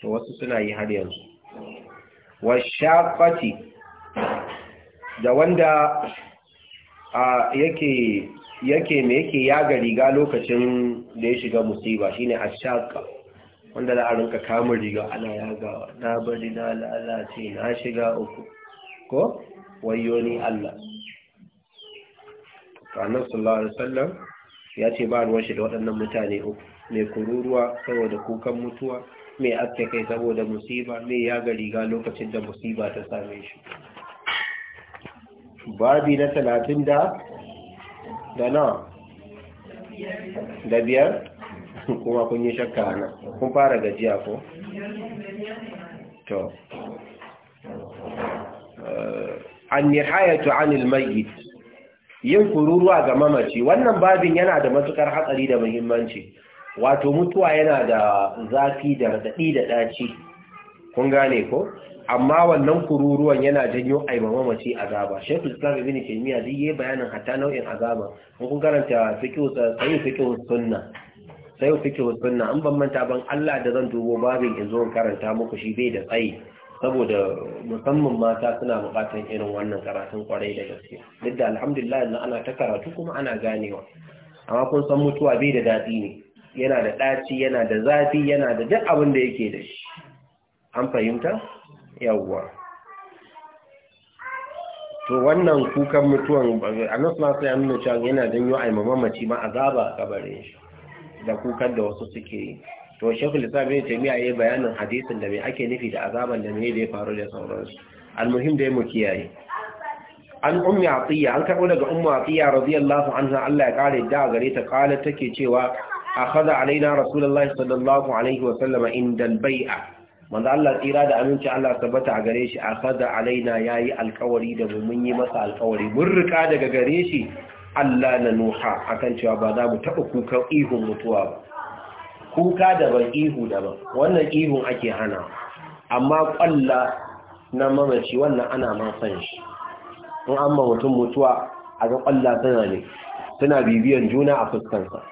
to wasu suna yi har yanzu wa da wanda yake yake me yake yaga riga lokacin da ya shiga musiba shine ashaka wanda za a rinka kamun riga ana yagawa na bari na lalace na shiga uku ko wayo ni Allah annabi sallallahu alaihi wasallam ya ce ba ruwan shi da waɗannan mutane uku mai kururuwa saboda kukan mutuwa mai aske kai saboda musiba mai yaga riga lokacin da musiba ta same shi babi na talatin da da na da biyar kuma kun yi shakka ana kun fara gajiya ko to eh, an nihayatu anil mayyit yin kururuwa ga mamaci wannan babin yana da matukar hatsari da muhimmanci wato mutuwa yana da zafi da radadi da daci kun gane ko amma wannan kururuwan yana janyo ma mamaci azaba shekul islam ibn taymiya zai yi bayanin hatta nau'in azaba mun kun karanta fiqh sahih fiqh sunna sai ku fike sunna an bambanta ban Allah da zan dubo babin in zo karanta muku shi bai da tsayi saboda musamman mata suna buƙatar irin wannan karatun kwarai da gaske duk da alhamdulillah yanzu ana ta karatu kuma ana ganewa amma kun san mutuwa bai da dadi ne yana da ɗaci yana da zafi yana da duk abin da yake da shi an fahimta yawwa to wannan kukan mutuwan a nasu masu yana don yi wa mamaci ma azaba a kabarin shi da kukan da wasu suke yi to shekul islam ne jami'a ya bayanin hadisin da mai ake nufi da azaban da ne da ya faru da sauransu almuhim da ya mu kiyaye an ummi atiya an karbo daga ummu atiya radiyallahu anha Allah ya kare da gare ta kala take cewa akhadha alaina rasulullahi sallallahu alaihi wa sallama indal bai'a manzo Allah tsira da aminci Allah tabbata a gare shi akhadha alaina yayi alkawari da mu mun yi masa alkawari mun rika daga gare shi Allah na nuha akan cewa ba za mu taɓa kukan ihun mutuwa ba kuka daban ihu daban wannan ihun ake hana amma ƙwalla na mamaci wannan ana ma san shi in an mutum mutuwa a ga ƙwalla tana ne suna bibiyan juna a fuskansa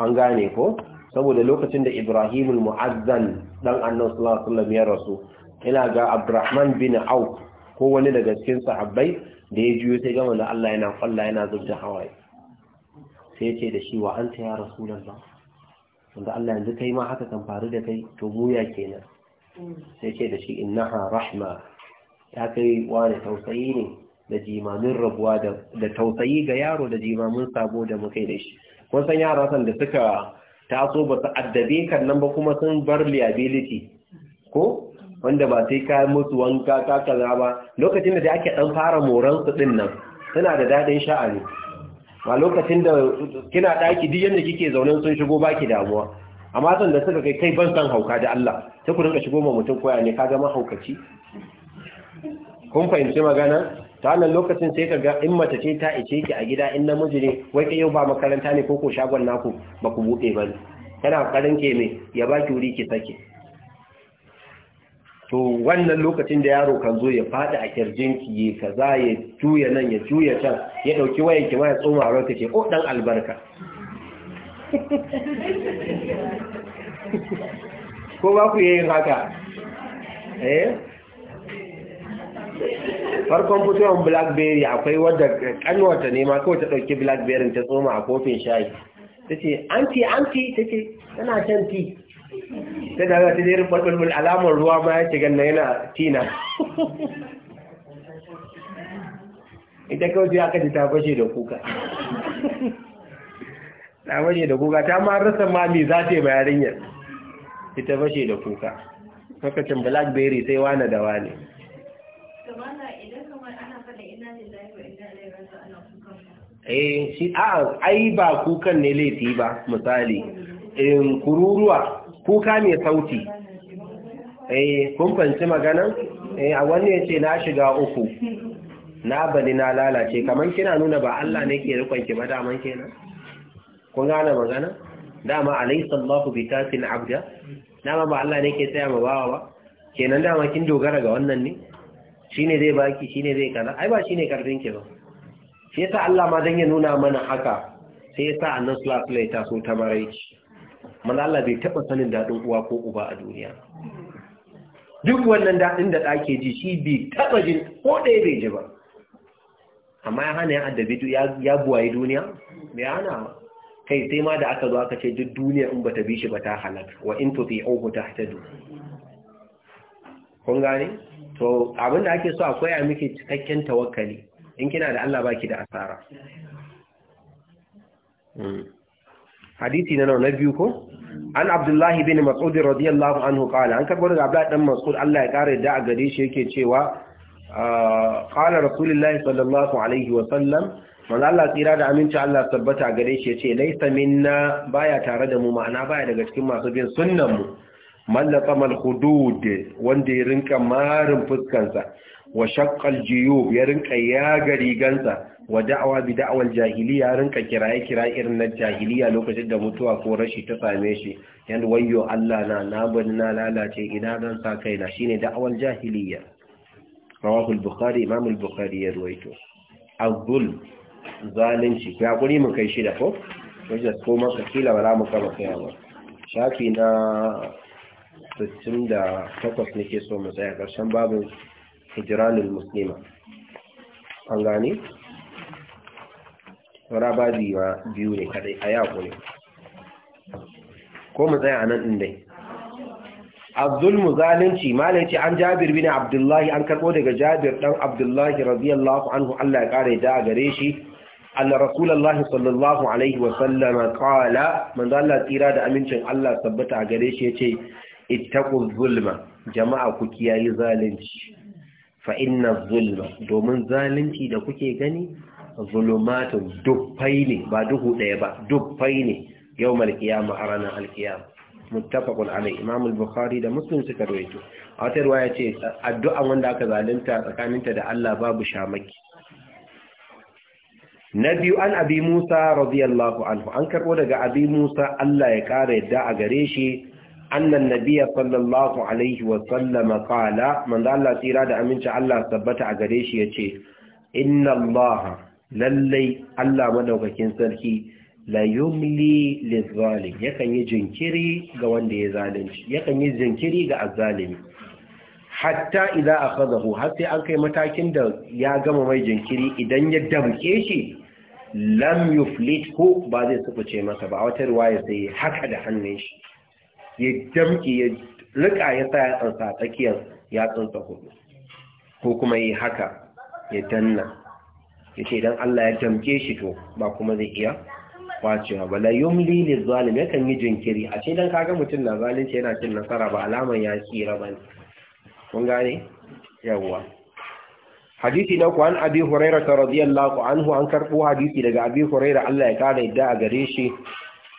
an gane ko saboda lokacin da ibrahimul mu'azzan ɗan annan Sulawar Sulawar ya rasu ina ga abdurrahman bin auf ko wani daga cikin sahabbai da ya juyo sai gama da Allah yana kwalla yana zubta hawaye sai ya ce da shi wa anta ya rasulullah wanda Allah yanzu kai ma haka kan faru da kai to buya kenan sai ce da shi innaha rahma ta kai wani tausayi ne da jimamin rabuwa da tausayi ga yaro da jimamin sabo da muka da shi kun san yara san da suka taso ba su addabe kan nan ba kuma sun bar liability ko wanda ba sai ka musu wanka ka kaza ba lokacin da ake dan fara moran su din nan tana da dadin sha'ani ba lokacin da kina daki duk yanda kike zaune sun shigo baki damuwa amma san da suka kai kai ban san hauka da Allah sai ku rinka shigo ma mutum koya ne kaga ma haukaci kun fahimci magana ta nan lokacin sai kaga in mata ce ta ice ki a gida in namiji ne wai kai yau ba makaranta ne ko ko shagon naku ba ku bude ba ne kana karin ke ne ya baki wuri ki sake to wannan lokacin da yaro kan zo ya fada a kirjinki ya kaza ya juya nan ya juya can ya dauki wayanki ma ya tsoma a ranka ce ko oh, dan albarka ko ba ku yin haka eh farkon fitowar blackberry akwai wadda kanwata ne ma kawai ta dauki blackberry ta tsoma a kofin shayi ta ce anti anti ta ce tana shan tea sai da za ta jerin ɓalɓalɓal alamar ruwa ma ya ce ganna yana tina ita kawai aka ji ta fashe da kuka ta fashe da kuka ta ma rasa mami za ta yi bayarin yin ita fashe da kuka lokacin blackberry sai wane da wane eh shi a ai ba kukan ne laifi ba misali in kururuwa kuka mai sauti eh kun fanci eh a wani yace na shiga uku na bali na lalace kaman kina nuna ba Allah ne ke rikon ki ba man kenan kun gane magana dama alaysa Allahu bitasin abda dama ba Allah ne ke tsaya ma bawa ba kenan dama kin dogara ga wannan ne shine zai baki shine zai kaza ai ba shine karfin ki ba sai ta Allah ma dan ya nuna mana haka sai ta annabi sallallahu alaihi wasallam ya taso ta maraici manzo Allah bai taba sanin dadin uwa ko uba a duniya duk wannan dadin da dake ji shi bai taba jin ko da bai ji ba amma ya hana ya addabi ya buwaye duniya bai hana kai sai ma da aka zo aka ce duk duniya in bata bi shi ba ta halaka wa in tuti'uhu tahtadu kun gane to abin da ake so akwai a miki cikakken tawakkali in kina da Allah baki da asara hmm. hadisi na na biyu ko an abdullahi bin mas'ud radiyallahu anhu qala an karbo daga abdullahi dan mas'ud Allah ya kare da a gare shi yake cewa ah, qala rasulullahi sallallahu alaihi wa sallam manzo Allah tsira da aminci Allah tabbata gare shi yace laysa minna baya tare da mu ma'ana baya daga cikin masu bin sunnan mu mallaqamal hudud wanda ya rinka marin fuskansa wa shaqqal jiyub ya rinka yaga rigansa wa da'awa bi da'awal jahiliya rinka kiraye kiraye irin na jahiliya lokacin da mutuwa ko rashi ta same shi yanda wayyo Allah na na bani na lalace ina dan sa kaina shine da'awal jahiliya rawahu al-bukhari imam al-bukhari ya ruwaito azul zalunci ya kuri mun kai shi da ko wajen ko maka kila wala mu kama kai ba shafi na 68 nake so mu tsaya karshen babu hijranul muslima an gane raba biyu ne kadai a yaku ne ko mu tsaya a nan ɗin dai abdulmu zalunci malai ce an jabir bin abdullahi an karɓo daga jabir ɗan abdullahi radiyallahu anhu allah ya ƙara da a gare shi anna rasulallahi sallallahu alaihi wasallam qala manzo allah tsira da amincin allah tabbata a gare shi yace ittaqu zulma jama'a ku kiyayi zalunci fa inna zulma domin zalunci da kuke gani zulumatun dubbai ne ba duhu ɗaya ba dubbai ne yau malkiyama a ranar alkiyama muttafaqun alai imam al-bukhari da muslim suka rawaito a wata ruwaya ce Addu'a wanda aka zalunta tsakaninta da Allah babu shamaki na biyu an abi musa radiyallahu anhu an karɓo daga abi musa Allah ya ƙara yadda a gare shi annan nabiya sallallahu alaihi wasallama kala manzo Allah tsira da aminci Allah tabbata a gare shi yace inna Allah lallai Allah madaukakin sarki la yumli lizalim yakan yi jinkiri ga wanda ya zalunci yakan yi jinkiri ga azzalimi hatta idza akhadahu har sai an kai matakin da ya gama mai jinkiri idan ya damke shi lam ko ba zai sufuce maka ba wata riwaya sai haka da hannun shi ya jam'i ya rika ya sa yatsansa a tsakiyar yatsansa hudu ko kuma yi haka ya danna ya ce don Allah ya jamke shi to ba kuma zai iya kwacewa ba la yumli lili zalim kan yi jinkiri a ce dan kaga mutum na zalunci yana cin nasara ba alaman ya tsira bane kun gane yawwa hadisi na ku an abi hurairah radiyallahu anhu an karɓo hadisi daga abi hurairah Allah ya kare yadda a gare shi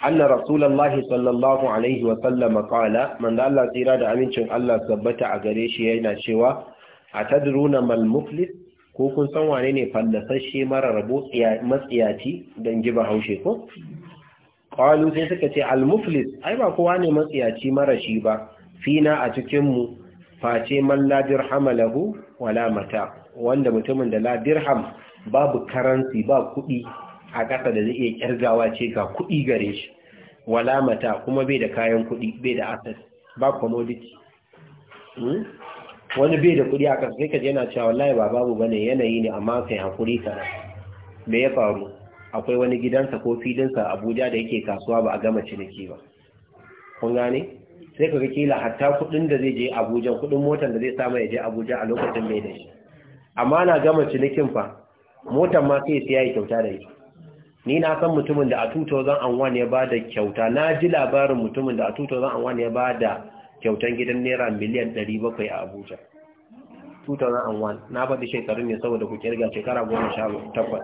anna rasulullahi sallallahu alaihi wa sallam qala man tsira da amincin Allah sabbata a gare shi yana cewa atadruna mal muflis ko kun san wanene ne mara rabo matsiyaci dan ji haushe ko sai suka ce almuflis? muflis ba kowa ne matsiyaci mara shi ba fina a cikin mu face man la dirham wala mata wanda mutumin da Ladirham babu karansi ba kuɗi a ƙasa da zai iya ƙirgawa ce ga kuɗi gare shi wala mata kuma bai da kayan kuɗi bai da asas ba commodity hmm? wani bai da kuɗi a ƙasa sai ka je yana cewa wallahi ba babu bane yanayi ne amma kai hakuri ka me ya faru akwai wani gidansa ko filinsa Abuja da yake kasuwa ba a gama ciniki ba kun gane sai ka ga kila hatta kuɗin da zai je Abuja kuɗin motar da zai samu ya je Abuja a lokacin mai da shi amma na gama cinikin fa motar ma sai ya siya ya kyauta da shi ni na san mutumin da a 2001 ya ba da kyauta na ji labarin mutumin da a 2001 ya ba da kyautan gidan naira miliyan 700 a abuja 2001 na faɗi shekarun ne saboda ku kirga shekara 18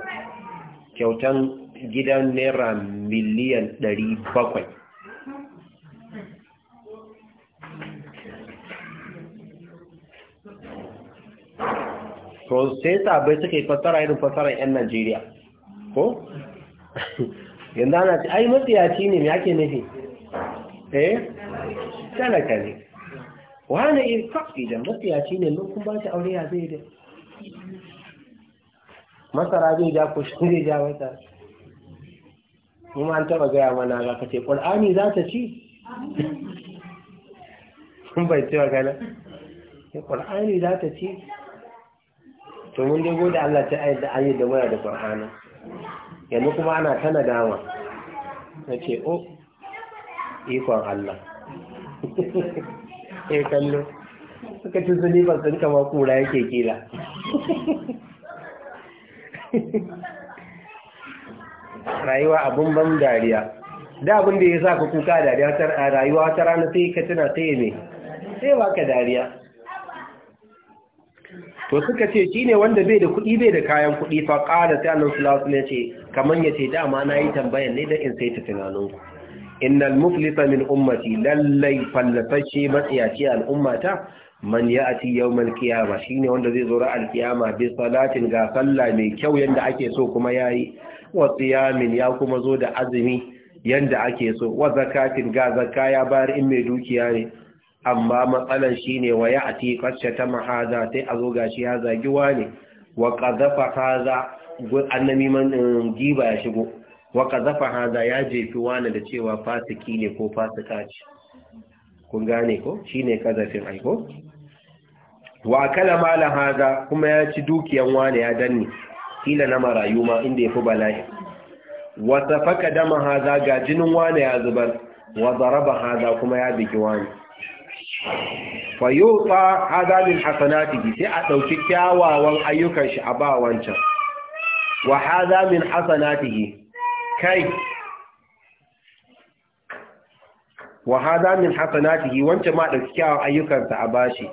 kyautan gidan naira miliyan 700 processor bai suka fasara fassara irin fassarar 'yan najeriya ko yanzu ana ce ai matsiyaci ne mai ake nufi eh talaka ne wani iri kafi da matsiyaci ne lokacin ba ta aure ya zai da masara zai ja ko shi zai ja wata kuma an taɓa gaya mana za ka ce ƙul'ani za ta ci sun bai ce magana ya eh, ƙul'ani za ta ci to mun dai gode Allah ta ayyar da ayyar da waya da ƙul'anin yanzu kuma ana ta nadama na ce o oh, ikon Allah ya kallo suka ci zuni ba sun kama kura yake kila rayuwa abun ban dariya da abin da ya sa kuka dariya rayuwa ta rana sai ka tuna sai ne sai ba ka dariya to suka ce shi ne wanda bai da kuɗi bai da kayan kuɗi fa ƙada sai annan sulasu ne ce kamar yace ce dama na yi tambayan ne don in sai ta tunaninku innal muflisa min ummati lallai fallafashe matsayaci al'ummata man ya ati yawmal qiyama shine wanda zai zo al qiyama bi salatin ga salla mai kyau yanda ake so kuma yayi wa siyamin ya kuma zo da azumi yanda ake so wa zakatin ga zakaya bayar in mai dukiya ne amma matsalan shine wa ya ati ta mahaza sai a zo gashi ya zagi wane wa qadhafa haza annabi man eh, giba ya shigo wa qadhafa haza ya jefi wane da cewa fasiki ne ko fasika ce kun gane ko shine kazafin aiko wa kala mala haza kuma ya ci dukiyan wani ya danne kila na marayu ma inda yafi bala'i wa safaka dama haza ga jinin wani ya zubar wa zaraba haza kuma ya bigi wani fa hadalin hadamin hasanatihi sai a dauki kyawawan ayyukan shi a ba wancan wa min hasanatihi kai wa min hasanatihi wancan ma dauki kyawawan ayyukansa a bashi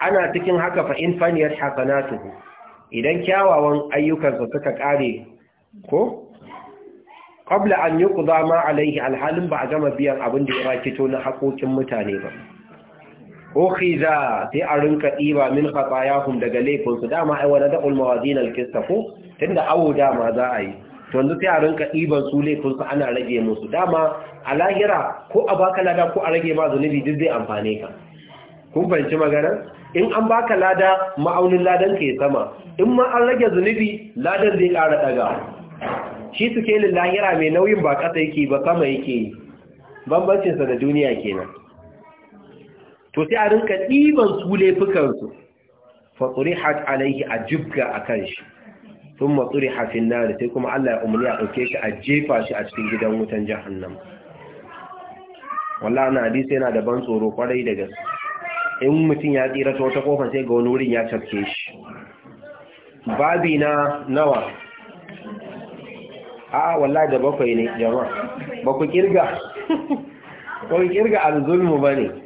ana cikin haka fa in faniyat hasanatuhu idan kyawawan ayyukansa suka kare ko qabla an yuqda ma alayhi alhalin ba a gama biyan abin da ya kito na haƙoƙin mutane ba ukhiza sai a rinka ɗiba min khatayahum daga laifinsu dama ai wani da'ul mawazin alkista ko tunda awo dama za a yi to yanzu sai a rinka ɗiban su laifinsu ana rage musu dama a lahira ko a baka lada ko a rage ma zunubi duk zai amfane ka kun fahimci magana in an baka lada ma'aunin ladan ke sama in ma an rage zunubi ladan zai ƙara ɗaga shi suke lahira mai nauyin ba ƙasa yake ba sama yake yi. bambancinsa da duniya kenan to sai a rinka ɗiban su laifukansu fatsuri hat alaihi a jibga a kan shi sun matsuri hafin nari sai kuma Allah ya umarni a ɗauke shi a jefa shi a cikin gidan wutan jahannam wallahi na hadisi yana da ban tsoro kwarai da gaske in mutum ya tsira ta wata kofar sai ga wani wurin ya cafke shi babi na nawa a wallahi da bakwai ne jama'a ba ku kirga ba ku kirga alzulmu ba ne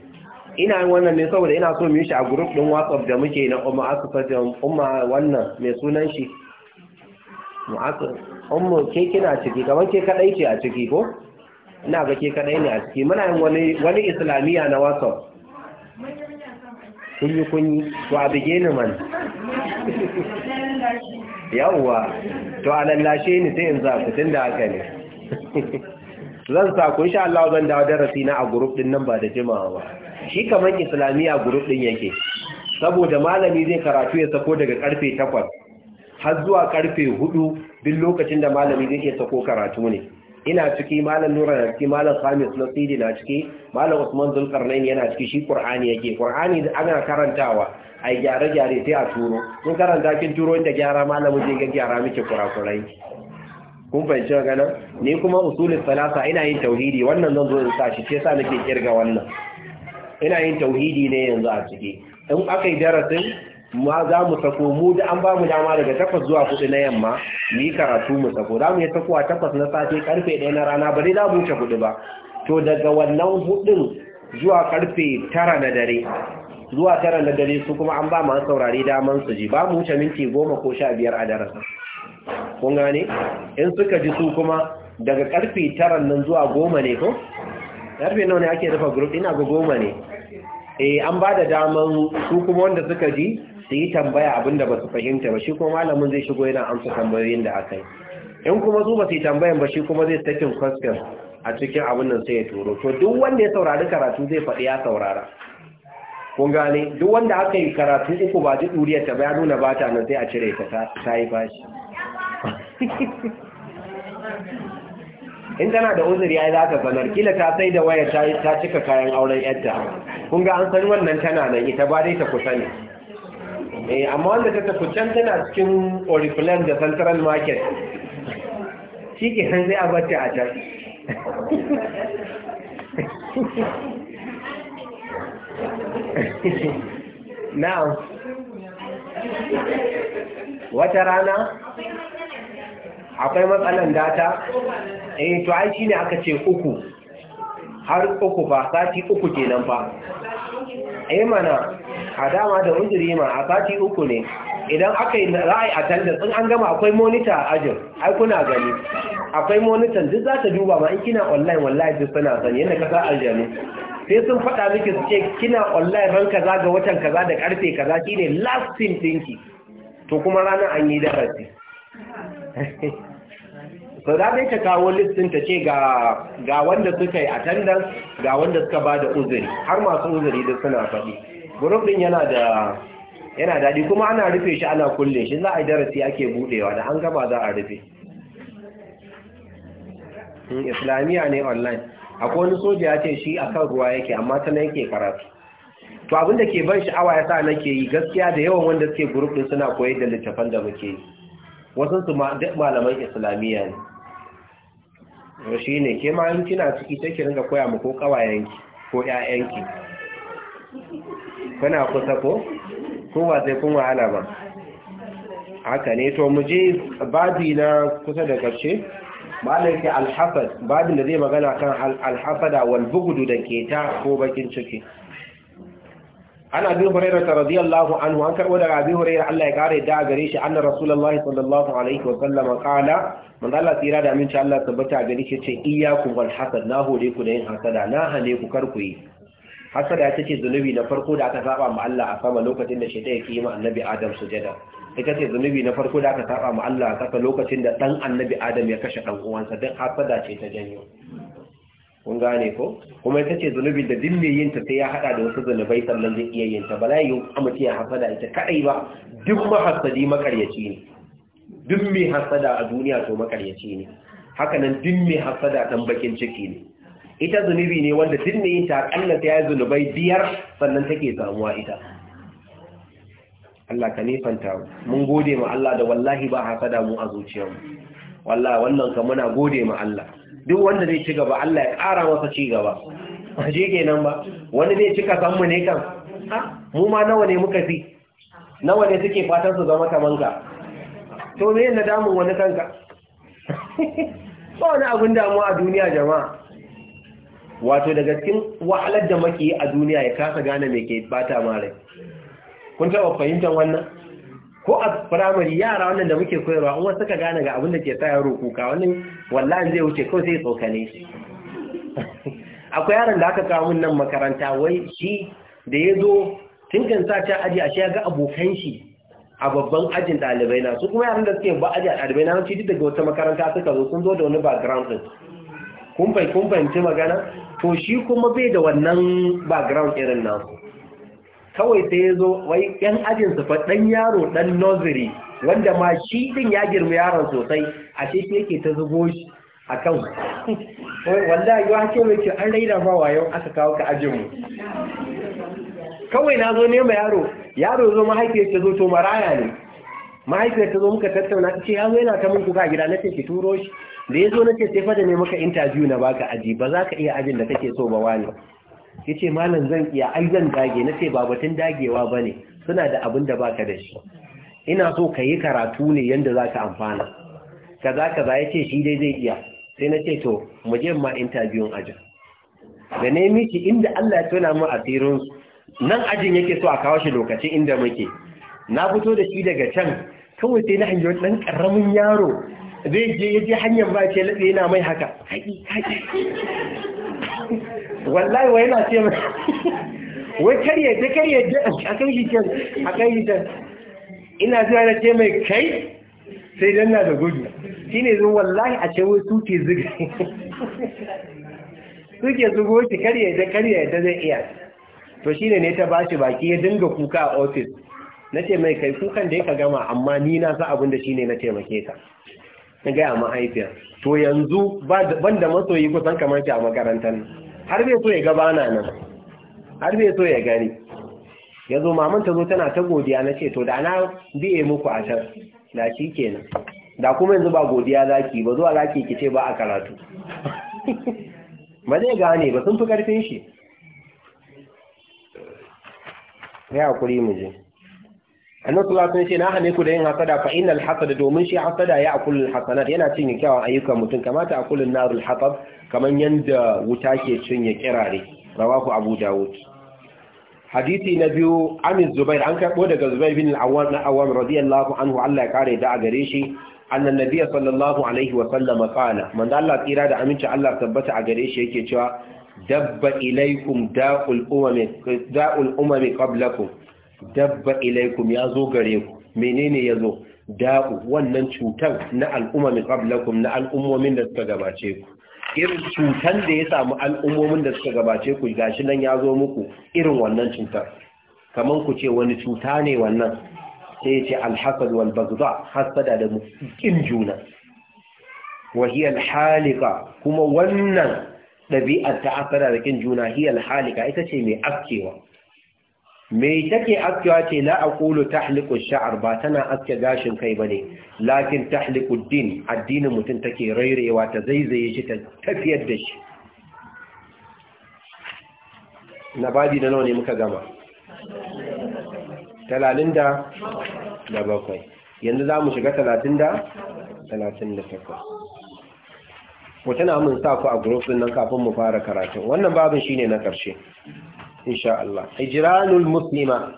ina yin wannan ne saboda ina so mu yi shi a group din WhatsApp da muke na umma asusatin umma wannan mai sunan shi umma ke kina ciki kamar ke kadai ce a ciki ko ina ga ke kadai ne a ciki muna yin wani wani islamiya na WhatsApp kunyi kunyi to a bige ni man yawwa to a lallashe ni sai in za ku tunda haka ne zan sa ku insha Allah zan dawo darasi na a group din nan ba da jimawa ba shi kamar islamiyya group din yake saboda malami zai karatu ya sako daga karfe 8 har zuwa karfe 4 duk lokacin da malami zai ke sako karatu ne ina ciki malam nura na ciki malam khamis tsidi na ciki malam usman zulkarnain yana ciki shi qur'ani yake qur'ani ana karantawa ai gyare gyare sai a turo kun karanta kin turo inda gyara malamin zai ga gyara miki kurakurai kun fahimci magana ni kuma usulul salasa ina yin tauhidi wannan zan zo in sa shi sai sa nake kirga wannan ina yin tauhidi ne yanzu a ciki in aka yi darasin ma za mu sako mu da an ba mu dama daga takwas zuwa kudu na yamma mu yi karatu mu sako za mu yi sako takwas na safe karfe ɗaya na rana ba dai za mu wuce ba to daga wannan hudun zuwa karfe tara na dare zuwa tara na dare su kuma an ba masu saurari daman su ji ba mu wuce minti goma ko sha biyar a darasin kun gane in suka ji su kuma daga karfe tara nan zuwa goma ne ko karfe nawa ne ake rufe group ina ga goma ne eh an ba da daman su kuma wanda suka ji su yi tambaya abinda ba su fahimta ba shi kuma malamin zai shigo yana amsa tambayoyin da aka yi in kuma su ba su yi tambayan ba shi kuma zai sakin question a cikin abin nan sai ya turo to duk wanda ya saurari karatu zai faɗi ya saurara kun gane duk wanda aka yi karatu uku ba ji duriyar ta ya nuna bata ta nan sai a cire ta ta yi bashi in tana da uzuri ai za ka sanar kila ta sai da waya ta cika kayan auren yadda kun ga an san wannan tana nan ita ba dai ta kusa ne eh amma wanda ta tafi can tana cikin oriflame da central market shi ke sai a bata a can Na wata rana akwai matsalan data eh to ai shine aka ce uku har uku ba sati uku kenan ba eh mana a da undiri ma a sati uku ne idan aka yi ra'ayi a tanda in an gama akwai monita a ajin ai kuna gani akwai monitan duk za ta duba ma in kina online wallahi duk suna sani yadda ka sa aljanu sai sun faɗa miki su ce kina online ran kaza ga watan kaza da karfe kaza shine last thing dinki to kuma ranar an yi darasi so da ta ta kawo listin ta ce ga wanda suka yi attendance ga wanda suka ba da uzuri har masu uzuri da suna faɗi gurufin din yana da yana daɗi kuma ana rufe shi ana kulle shi za a yi darasi ake buɗewa da an gaba za a rufe hmm, islamiyya ne online akwai wani soja ya ce shi akan ruwa yake amma ta na yake karatu to abinda ke ban sha'awa ya sa nake yi gaskiya da yawan wanda suke gurufin din suna koyar da littafan da muke yi wasu su malaman islamiyya ne shi ne ke ma kina ciki take ringa koya mu ko kawayenki ko ƴaƴanki kuna kusa ko kowa sai kun wahala ba haka ne to mu je babi na kusa da ƙarshe malam ke alhafad babin da zai magana kan alhafada wal bugudu da keta ko bakin ciki ana bin hurairah ta radiyallahu anhu an karbo daga abin hurairah Allah ya kare da gare shi annar rasulullah sallallahu alaihi wa sallam qala man tsira da aminci Allah tabbata gare shi ce iyyakum wal hasad na hore ku da yin Hassada. na hane ku kar ku yi hasada ita ce zunubi na farko da aka saba ma Allah a sama lokacin da shaitan ya ma annabi Adam sujada ita ce zunubi na farko da aka saba ma Allah a kasa lokacin da dan annabi Adam ya kashe ɗan uwansa dan Hassada ce ta janyo kun gane ko kuma ita ce zunubin da duk mai yinta sai ya hada da wasu zunubai sannan zai iya yinta ba la yi amince ya hasada ita kadai ba duk mahasadi makaryaci ne duk mai hasada a duniya to makaryaci ne haka nan duk mai hasada dan bakin ciki ne ita zunubi ne wanda duk mai yinta akalla sai ya zunubai biyar sannan take samuwa ita Allah ka nifanta mun gode ma Allah da wallahi ba hasada mu a zuciyarmu wallahi wannan ka muna gode ma Allah duk wanda zai ci gaba Allah ya ƙara masa ci gaba aje kenan ba wani zai cika kasan mu ne kan mu ma nawa ne muka fi nawa ne suke fatan su zama kaman ka to me yana damun wani kanka ba wani abin damuwa a duniya jama'a wato daga cikin wahalar da maki a duniya ya kasa gane me ke bata mare kun taɓa fahimtar wannan ko a firamari yara wannan da muke koyarwa in wasu ka gane ga abin da ke sa yaro kuka wani wallahi zai wuce kawai sai tsokane shi akwai yaran da aka kawo nan makaranta wai shi da ya zo tun kan sa ta aji shi ya ga abokan shi a babban ajin ɗalibai na su kuma yaran da suke ba aji a ɗalibai na shi daga wata makaranta suka zo sun zo da wani background din kun fahimci magana to shi kuma bai da wannan background irin nasu kawai sai ya zo wai yan ajinsu fa ɗan yaro ɗan nursery wanda ma shi ɗin ya girma yaron sosai a shi yake ta zubo shi a kan wanda yi wa ce mai an raina ba wa aka kawo ka ajinmu kawai na zo nema yaro yaro zo mahaifiyar ta zo to maraya ne mahaifiyar ta zo muka tattauna ce ya zo yana ta mun ga gida na ce ki turo shi da ya zo na ce sai fada ne maka interview na baka aji ba za ka iya ajin da kake so ba wani ya ce malam zan iya ai zan dage na ce babatun dagewa ba ne suna da abin da baka da shi ina so ka yi karatu ne yadda za ka amfana kaza kaza ya ce shi dai zai iya sai na ce to mu je ma intabiyun ajin da ne miki inda Allah ya tona mu asirin nan ajin yake so a kawo shi lokaci inda muke na fito da shi daga can kawai sai na hanyar dan ɗan ƙaramin yaro zai je ya je hanyar ba ce laɗe yana mai haka wallahi wa yana ce mai wai karye ta karye a kan shi a kan shi can ina zuwa na ce mai kai sai don na da gudu shi ne zuwa wallahi a ce wai suke zuga suke zugo shi karye ta karye ta zai iya to shi ne ta bashi baki ya dinga kuka a ofis na ce mai kai kukan da ya ka gama amma ni na sa abin da shi ne na taimake ka na gaya mahaifiyar to yanzu ban da masoyi kusan kamar shi a makarantar har bai so ya ga bana nan har bai so ya gani yazo zo maman ta zo tana ta godiya na ce to da na biye muku a can da shi kenan da kuma yanzu ba godiya zaki ba zuwa zaki ki ce ba a karatu ba zai gane ba sun fi karfin shi ya hakuri mu je annabi sallallahu alaihi wasallam na hane ku da yin hasada fa innal hasada domin shi hasada ya akulul hasanat yana cinye kyawun ayyukan mutum kamata akulun narul hatab kaman yanda wuta ke cinye kirare rawahu abu dawud hadisi na biyu amin zubair an karbo daga zubair bin al-awwam na awwam radiyallahu anhu Allah ya kare da gare shi annan nabiyyi sallallahu alaihi wa sallam qala man Allah tsira da aminci Allah tabbata a gare shi yake cewa dabba ilaikum da'ul umami da'ul umami qablakum dabba ilaikum ya zo gare ku menene ya zo da'u wannan cutar na al'ummomin qablakum na al'ummomin da suka gabace ku irin cutar da ya samu al'ummomin da suka gabace ku gashi nan ya zo muku irin wannan cutar kaman ku ce wani cuta ne wannan sai ya ce alhasad wal bagza hasada da kin juna wa hiya alhalika kuma wannan ɗabi'ar ta hasada da kin juna hiya alhalika ita ce mai askewa me take askewa ce la aqulu tahliqu sha'r ba tana aske gashin kai bane lakin tahliqu din addinin mutum take rairewa ta zaizaye shi ta tafiyar da shi na ba da nawa ne muka gama talalin da da bakwai yanzu za mu shiga talatin da talatin da takwas ko tana mun sa ku a gurufin nan kafin mu fara karatun wannan babin shine na ƙarshe insha Allah hijranul muslima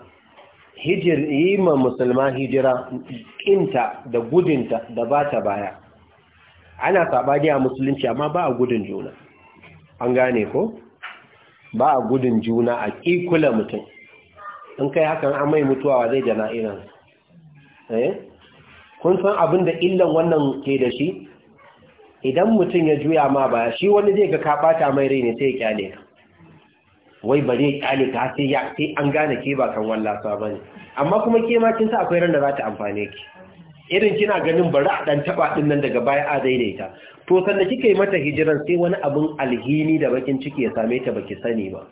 hijir yima musulma hijira kinta da gudunta da ba ta baya ana saba a musulunci amma ba a gudun juna an gane ko ba a gudun juna a kikula mutum in kai hakan amai mutuwa zai jana irin eh kun san abin da illan wannan ke da shi idan mutum ya juya ma baya shi wani zai ga ka bata mai rai ne sai ya kyale ka wai ya kyale ka sai ya sai an gane ke ba kan wallasa ne, amma kuma ke ma kin sa akwai ran da za ta amfane ki irin kina ganin bari a dan taba din nan daga baya a daidaita to sanda kika yi mata hijiran sai wani abun alhini da bakin ciki ya same ta baki sani ba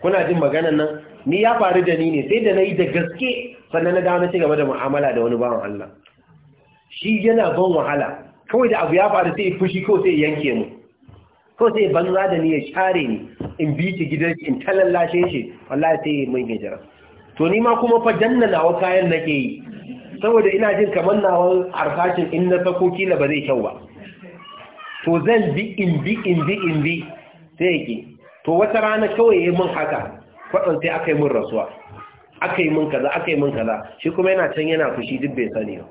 kuna jin maganar nan ni ya faru da ni ne sai da nayi da gaske sannan na dawo na cigaba da mu'amala da wani bawan Allah shi yana ban wahala kawai da abu ya faru sai fushi ko sai yanke mu ko sai banza da ni ya share ni in bi ki gidan in talallashe shi wallahi sai yi hijira to ni ma kuma fa danna nawa kayan nake yi saboda ina jin kamar nawa arfashin in na sako kila ba zai kyau ba to zan bi in bi in bi in bi sai yake to wata rana kawai yi min haka kwaɗon sai aka yi rasuwa aka yi kaza aka yi kaza shi kuma yana can yana kushi duk bai sani ba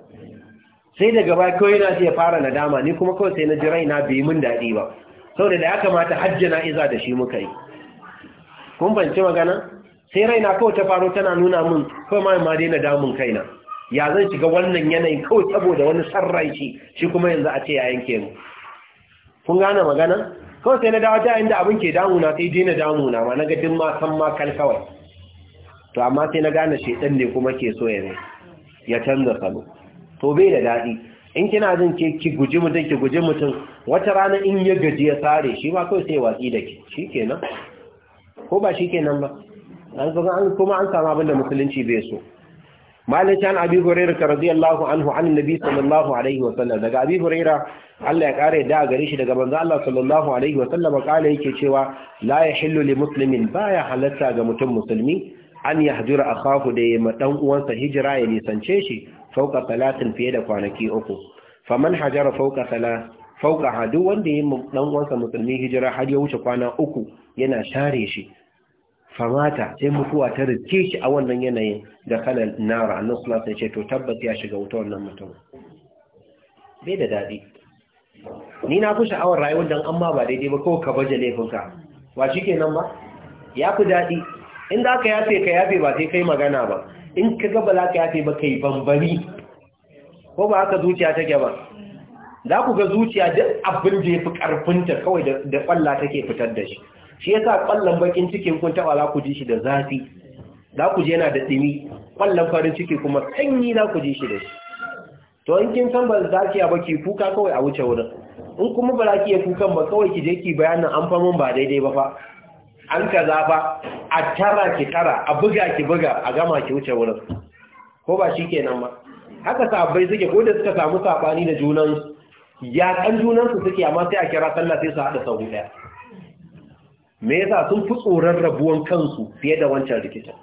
sai daga ba kawai yana sai ya fara nadama ni kuma kawai sai na ji raina bai mun daɗi ba saboda da ya kamata hajjana iza da shi muka yi kun banci magana sai raina kawai ta faro tana nuna min kawai ma ma daina damun kaina ya zan shiga wannan yanayin kawai saboda wani sarrai shi shi kuma yanzu a ce ya yanke mu kun gane magana kawai sai na dawo ta inda abin ke damuna sai daina damuna ma na ga din ma san ma kal kawai to amma sai na gane shedan ne kuma ke so ya ne ya canza salo to bai da dadi in kina jin ke ki guji mutum ki guji mutum wata rana in ya gaji ya sare shi ba kawai sai watsi da ke shi kenan ko ba shi kenan ba an zo an kuma an samu abin da musulunci bai so malik an abi hurairah radiyallahu anhu an nabi sallallahu alaihi wa sallam daga abi hurairah Allah ya kare da gare shi daga manzo Allah sallallahu alaihi wa sallam kale yake cewa la yahillu li muslimin baya halatta ga mutum musulmi an yahdura akahu da ya ma uwansa hijira ya nisance shi fauka talatin fiye da kwanaki uku faman hajara fauka salat fauka ha duk wanda ya dan uwansa musulmi hijira har ya wuce kwana uku yana share shi famata sai mutuwa ta rike shi a wannan yanayin da kalan nara annan sula ce to tabbas ya shiga wuta wannan mutum ni na fi sha'awar rayuwar dan amma ba daidai ba ko ka baje laifinka ba shi kenan ba ya fi daɗi in za ka yafe ka yafe ba sai kai magana ba in ka ga ba za ka yafe ba kai bambari ko ba haka zuciya take ba za ku ga zuciya duk abin da ya fi ƙarfinta kawai da kwalla take fitar da shi shi yasa ƙwallon bakin cikin kun taɓa za ku ji shi da zafi za ku ji yana da ɗimi ƙwallon farin ciki kuma sanyi za ku ji shi da shi to in kin san ba za ki ba ki kuka kawai a wuce wurin in kuma ba za ki iya kukan ba kawai ki je ki bayanin an famin ba daidai ba fa an ka zafa a tara ki tara a buga ki buga a gama ki wuce wurin ko ba shi kenan ba haka sabbai suke ko da suka samu sabani da junan ya kan junan su suke amma sai a kira sallah sai su hada sahu daya me yasa sun fi tsoron rabuwan kansu fiye da wancan rikicin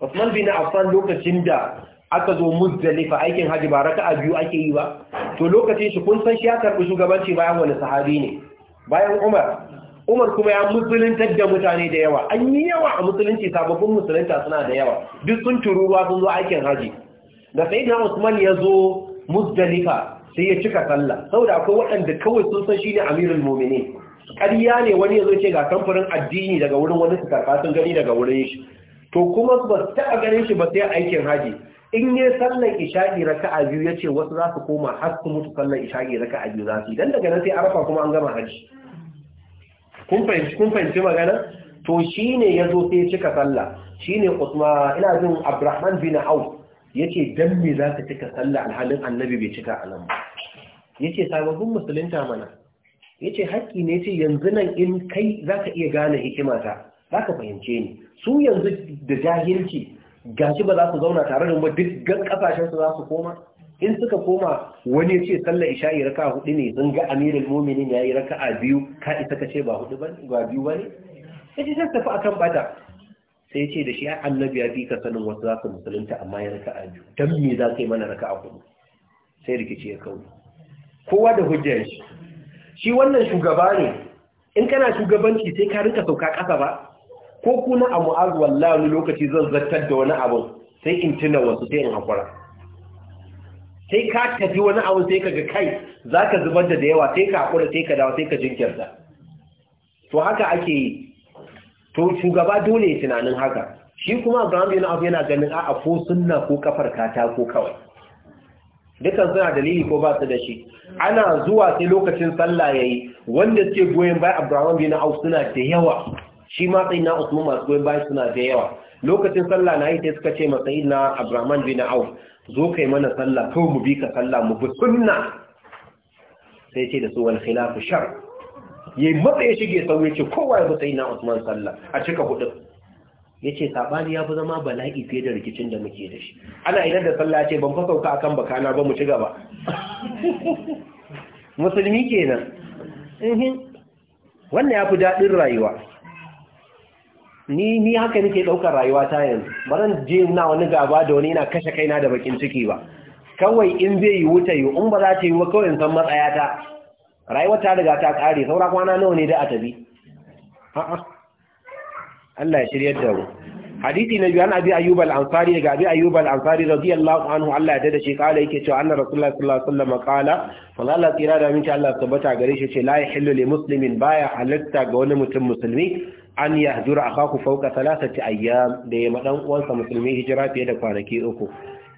Usman bin Affan lokacin da aka zo Muzdalifa aikin Hajji ba a biyu ake yi ba to lokacin shi kun san shi ya karbi shugabanci bayan wani sahabi ne bayan Umar Umar kuma ya musuluntar da mutane da yawa an yi yawa a musulunci sababbin musulunta suna da yawa duk sun tururuwa sun zo aikin haji da sai Usman ya zo Muzdalifa sai ya cika sallah saboda akwai waɗanda kawai sun san ne Amirul Mu'minin ƙarya ne wani ya zo ce ga kamfanin addini daga wurin wani su sun gani daga wurin shi to kuma ba su taɓa ganin shi ba sai aikin haji in yi sallar isha'i raka'a biyu ya ce wasu za su koma har su mutu sallar isha'i raka'a biyu za su yi dan daga nan sai arafa kuma an gama haji kun fahimci kun fahimci magana to shine yazo sai ya cika sallah shine Usman ina jin abrahman bin Ya yace dan me za ka cika sallah alhalin annabi bai cika nan ba yace sababbin musulunta mana yace haƙƙi ne ce yanzu nan in kai za ka iya gane hikimata Za ka fahimce ni su yanzu da jahilci gashi ba za su zauna tare da mu duk ga kasashen su za su koma in suka koma wani ya ce sallar yi raka hudu ne sun ga amirul muminin ya yi raka a biyu ka isa ka ce ba hudu ba ba biyu ba ne ya ce tafi akan bata sai ce da shi ya annabi ya fi ka sanin wasu za ka musulunta amma ya raka a biyu don me za ka yi mana raka a hudu sai rikici ya kawo kowa da hujjar shi shi wannan shugaba ne in kana shugabanci sai ka rinka sauka kasa ba ko kuna a mu'azu wallahi lokaci zan zartar da wani abu sai in tuna wasu sai in hakura sai ka tafi wani abu sai ka ga kai za ka zubar da da yawa sai ka haƙura sai ka dawa sai ka jinkirta to haka ake yi to shugaba dole ya tunanin haka shi kuma abraham yana abu yana ganin a'a ko suna, ko kafar kata ko kawai dukkan suna dalili ko ba su da shi ana zuwa sai lokacin sallah yi wanda suke goyon bayan abraham bin auf suna da yawa shi ma sai na usman masu goyon bayan suna da yawa lokacin sallah na yi sai suka ce masa ina abraham bin auf zo kai mana sallah kawai mu bi ka sallah mu bi sunna sai ce da su wal khilafu shar yayi mata ya shige sauye ce kowa ya bi na Usman sallah a cika hudu yace sabani ya fi zama bala'i fiye da rikicin da muke da shi ana idan da sallah ce ban fasauka akan bakana ba mu ci gaba musulmi kenan wannan ya fi dadin rayuwa ni ni haka nake daukar rayuwa ta yanzu baran je na wani gaba da wani ina kashe kaina da bakin ciki ba kawai in zai yi wuta yi in ba za ta yi wa kawai in san matsaya ta rayuwa ta riga ta kare saura kwana nawa ne da a tabi a'a Allah ya shiryar da mu hadisi na biyu an abi ayyub al-ansari daga abi ayyub al-ansari radiyallahu anhu Allah ya dade shi kala yake cewa anna rasulullahi sallallahu alaihi wasallam kala wala Allah tira da minta Allah tabbata gare shi ce la yahillu li muslimin baya halatta ga wani mutum musulmi an yahjura akaku fauka thalathati ayyam da ya maɗan uwansa musulmi hijira fiye da kwanaki uku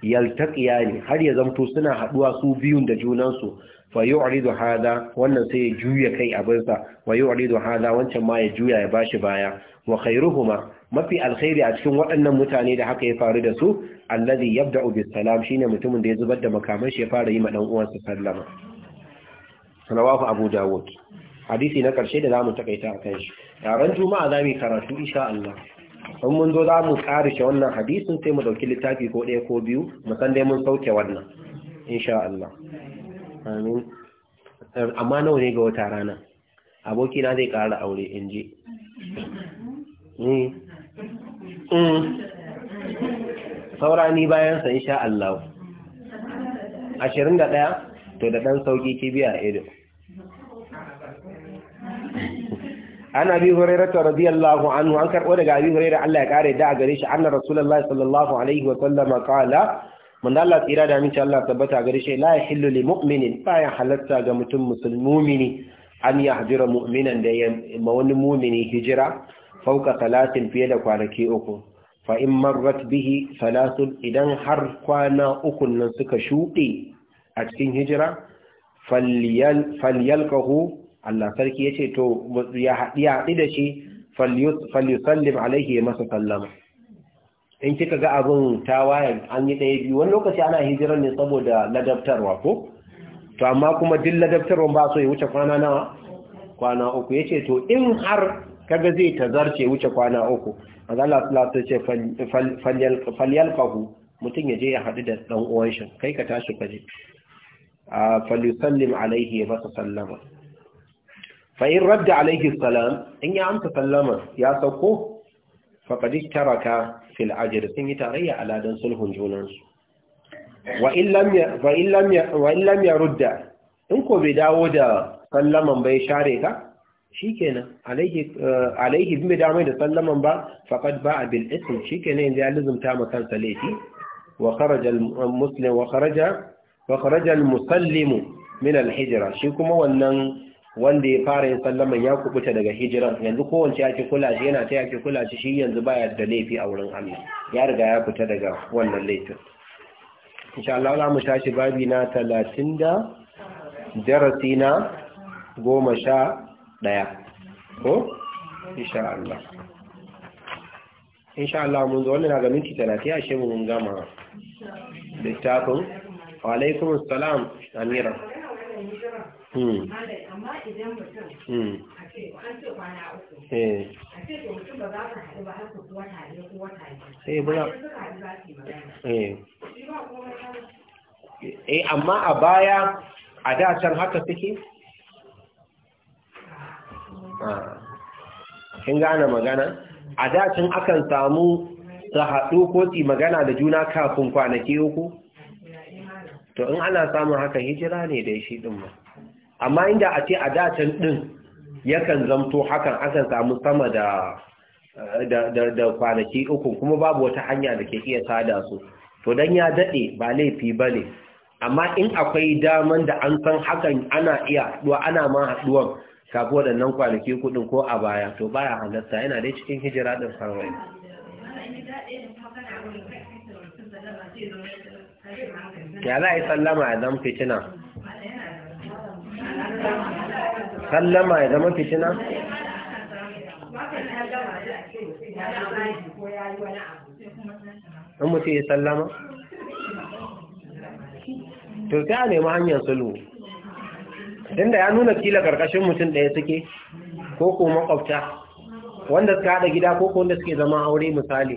ne har ya zamto suna haduwa su biyun da junansu fa yu'ridu hada wannan sai ya juya kai abinsa wa yu'ridu hada wancan ma ya juya ya bashi baya wa khairuhuma mafi alkhairi a cikin waɗannan mutane da haka ya faru da su allazi yabda'u bis salam shine mutumin da ya zubar da makaman shi ya fara yi ma dan uwansa sallama rawahu abu dawud hadisi na karshe da zamu takaita akan shi yaran juma'a za mu karatu insha Allah in mun zo za mu karishe wannan hadisin sai mu dauki littafi ko ɗaya ko biyu mu san dai mun sauke wannan insha Allah amin amma nawa ne ga wata rana aboki na zai ƙara aure in je hmm. hmm. saura ni bayan sa insha Allah 21 to da dan sauki kibiya ido an abi hurairata radiyallahu anhu an karbo daga abi hurairah Allah ya kare da gare shi anna rasulullahi sallallahu alaihi wa sallam qala man tsira da minci Allah tabbata gare shi la yahillu lil mu'minin ba ya halatta ga mutum musulmumini an yahjira mu'minan da ya ma wani mu'mini hijira fauka talatin fiye da kwanaki uku fa in marrat bihi salasun idan har kwana uku nan suka shuɗe a cikin hijira falyalqahu Allah sarki yace to ya haɗi haɗi da shi falyusallim alaihi masa sallama in kika ga abin tawayen an yi ɗaya biyu wani lokaci ana hijirar ne saboda ladabtarwa ko to amma kuma duk ladabtarwa ba so ya wuce kwana nawa kwana uku Ya ce to in har kaga zai tazarce wuce kwana uku maza Allah sallallahu alaihi wasallam ce falyalqahu mutum ya je ya haɗu da ɗan uwan shi kai ka tashi ka je a ah, falyusallim alaihi ya masa sallama فإن رد عليه السلام إن أنت سلم يا سوكو فقد اشترك في الأجر سن يتغي على دن صلح جونان وإن لم ي... وإن لم ي... وإن لم يرد إنكو بداود سلم بيشارك شيكنا عليه عليه بما دعمه سلم با فقد باع بالاسم شيكنا ان لازم تام كان سليتي وخرج المسلم وخرج وخرج المسلم من الحجره شيكم ونن wanda ya fara yin sallama ya kubuta daga hijiran yanzu kowace ya kula shi yana ta ya kula shi shi yanzu baya da laifi a wurin Allah ya riga ya fita daga wannan laifin insha Allah za mu tashi babi na 30 da darasi na 11 ko insha Allah insha Allah mun zo wannan ga minti 30 ashe mun gama littafin wa alaikumus salam amira amma eh, eh. eh, amma a baya a da haka suke ah. Ah. kin gane magana a da akan samu su haɗu ko tsi magana da juna kafin kwanaki uku to in ana samun haka hijira ne da shi ɗin ba. amma inda a ce a datan ɗin yakan zamto hakan akan samu sama da da kwanaki uku kuma babu wata hanya da ke iya sada su to dan ya dade ba laifi bane amma in akwai daman da an san hakan ana iya duwa ana ma haduwan kafin wadannan kwanaki kuɗin ko a baya to baya halatta yana da cikin hijira din sarwai ya za a sallama a zan fitina sallama ya zama fitina in mutu ya sallama to sai a nemi hanyar sulhu da ya nuna kila karkashin mutum ɗaya suke ko ko makwabta wanda suka haɗa gida ko ko wanda suke zama aure misali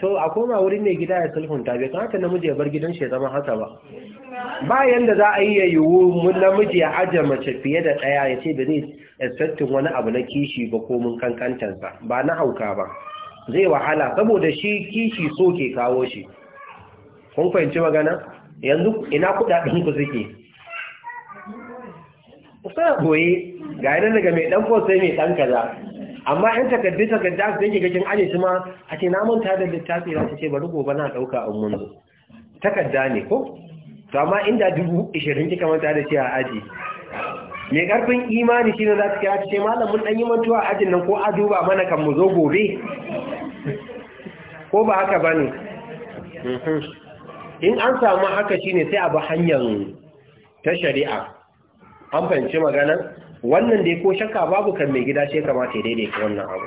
to a koma wurin mai gida ya sulhunta bai kamata namiji ya bar gidan shi ya zama haka ba ba yanda za a yi ya yiwu namiji ya ajiye mace fiye da ɗaya ya ce ba zai expectin wani abu na kishi ba ko mun kankantansa ba na hauka ba zai wahala saboda shi kishi so ke kawo shi kun fahimci magana yanzu ina kudaden ku suke sai goye ga yana daga mai ɗan ko sai mai ɗan kaza amma yan takardu takardu aka take gakin aje su ma a ce na manta da littafi za ta ce bari gobe na dauka a mun zo takarda ne ko to amma inda dubu ishirin kika manta da shi a aji mai karfin imani shi ne za ta kira ta ce malam mun dan yi mantuwa a ajin nan ko a duba mana kan mu zo gobe ko ba haka ba ne in an samu haka shi ne sai a ba hanyar ta shari'a an fahimci magana wannan dai ko shakka babu kan mai gida sai kamata ya daidaita wannan abu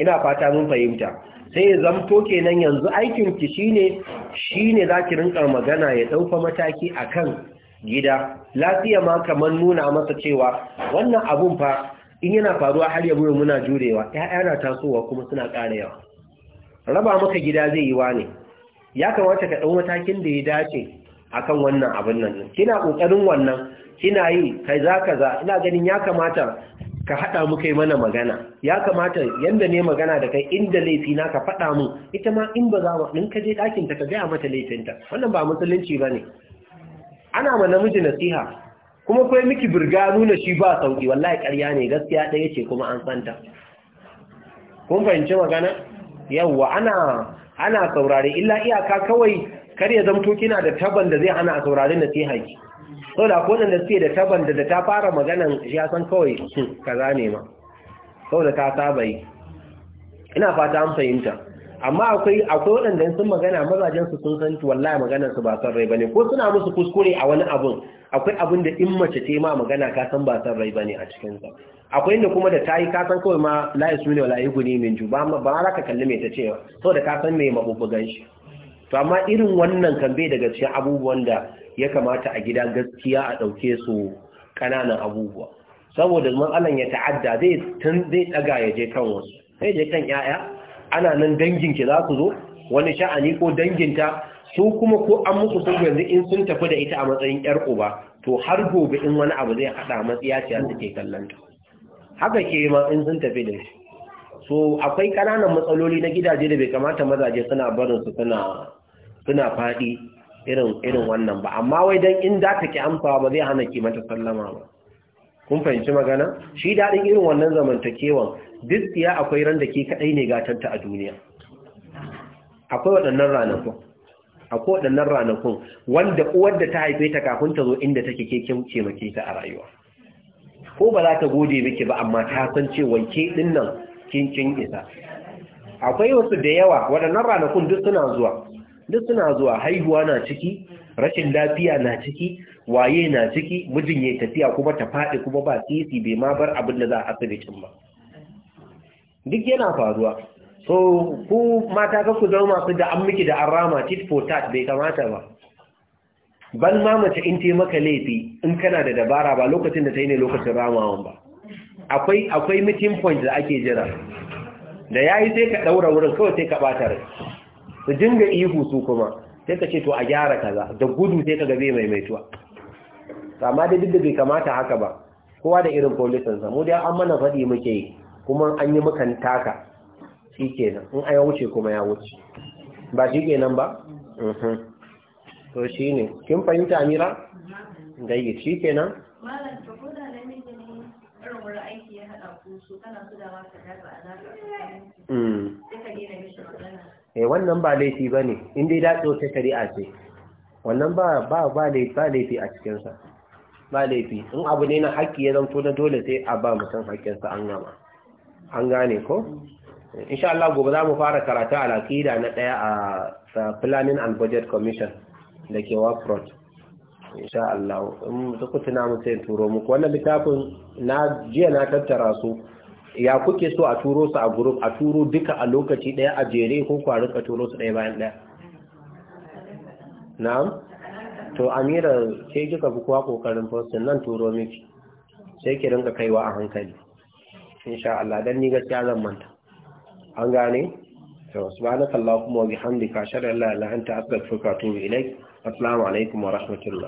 ina fata mun fahimta sai ya zamto kenan yanzu aikin ki shine shine zaki rinka magana ya dauka mataki akan gida lafiya ma kamar nuna masa cewa wannan abun fa in yana faruwa har yabo muna jurewa ƴaƴa na tasowa kuma suna ƙarewa. raba maka gida zai yi wa ne ya kamata ka dau matakin da ya dace akan wannan abun nan kina kokarin wannan ina yi kaza kaza ina ganin ya kamata ka haɗa mu kai mana magana ya kamata yadda ne magana da kai inda laifi ka faɗa mu ita ma in ba za mu ɗin ka je ɗakin ta ka gaya mata laifinta wannan ba musulunci ba ne ana ma namiji nasiha kuma kai miki birga nuna shi ba sauki wallahi ƙarya ne gaskiya ɗaya ce kuma an santa kun fahimci magana yawwa ana ana saurare illa iyaka kawai kar ya zamto kina da taban da zai hana a saurari nasiha ki so da kodan da suke da taban da ta fara maganan ya san kawai za ne ma saboda ta saba yi ina fata an fahimta amma akwai akwai waɗanda sun magana mazajen su sun san wallahi maganar su ba san rai bane ko suna musu kuskure a wani abun akwai abun da in mace ce ma magana ka san ba san rai bane a cikin sa akwai inda kuma da tayi ka san kawai ma la ne wala yughni min ju ba ba za ka kalle mai ta ce saboda ka san me mabubbugan shi to amma irin wannan kan bai daga cikin abubuwan da ya kamata a gida gaskiya a ɗauke su ƙananan abubuwa saboda matsalan ya ta'adda zai tun zai ɗaga ya je kan wasu sai je kan 'ya'ya ana nan danginki za ku zo wani sha'ani ko danginta su kuma ko an musu su yanzu in sun tafi da ita a matsayin ƴar uba to har gobe in wani abu zai haɗa matsiyaciya suke kallon ta haka ke ma in sun tafi da shi so akwai ƙananan matsaloli na gidaje da bai kamata mazaje suna barin su suna suna faɗi irin irin wannan ba amma wai dan in da take amfawa ba zai hana ki mata sallama ba kun fahimci magana shi dadin irin wannan zamantakewan duk ya akwai ran da ke kadai ne gatanta a duniya akwai waɗannan ranakun akwai wadannan ranakun wanda uwar da ta haife ta kafin ta zo inda take ke kemake ta a rayuwa ko ba za ta gode miki ba amma ta san cewa ke din nan kin kin isa akwai wasu da yawa waɗannan ranakun duk suna zuwa duk suna zuwa haihuwa na ciki rashin lafiya na ciki waye na ciki mijin ya tafiya kuma ta faɗi kuma ba sisi bai ma bar abin da za a asibitin ba duk yana faruwa so ku mata ka ku zama masu da an miki da an rama tit for tat bai kamata ba ban ma mace in te maka laifi in kana da dabara ba lokacin da ta yi ne lokacin ramawan ba akwai akwai meeting point da ake jira da yayi sai ka daura wurin kawai sai ka bata rai su dinga ihu su kuma sai ka ce to a gyara kaza da gudu sai ka ga zai maimaituwa amma dai duk da bai kamata haka ba kowa da irin polisin sa mu dai an mana faɗi muke yi kuma an yi mukan taka shikenan in an wuce kuma ya wuce ba shikenan ba mhm. to shine kin fahimta Amira dai shikenan malam to ko da ne irin wurin aiki ya hada ku su kana su da wata da ba a zaka Duka mm. ka daina mishi magana eh wannan ba laifi bane in dai datso ta shari'a ce wannan ba ba ba laifi a cikin sa ba laifi in abu ne na haƙƙi ya zanto na dole sai a ba mutum haƙƙinsa an gama an gane ko eh, insha Allah gobe za mu fara karatu al-aqida na daya a Planning and Budget Commission da ke Wafrot insha Allah in suka tuna mu sai turo muku wannan litafin na jiya na tattara su ya kuke so a turo su a group a turo duka a lokaci daya a jere ko kwarin ka turo su daya bayan daya na'am to amira sai kika fi kowa kokarin postin nan turo miki sai ki rinka kaiwa a hankali insha Allah dan ni gaskiya zan manta an gane to subhanakallahumma wa bihamdika ashhadu an la ilaha illa anta astaghfiruka wa atubu ilaik assalamu alaikum wa rahmatullah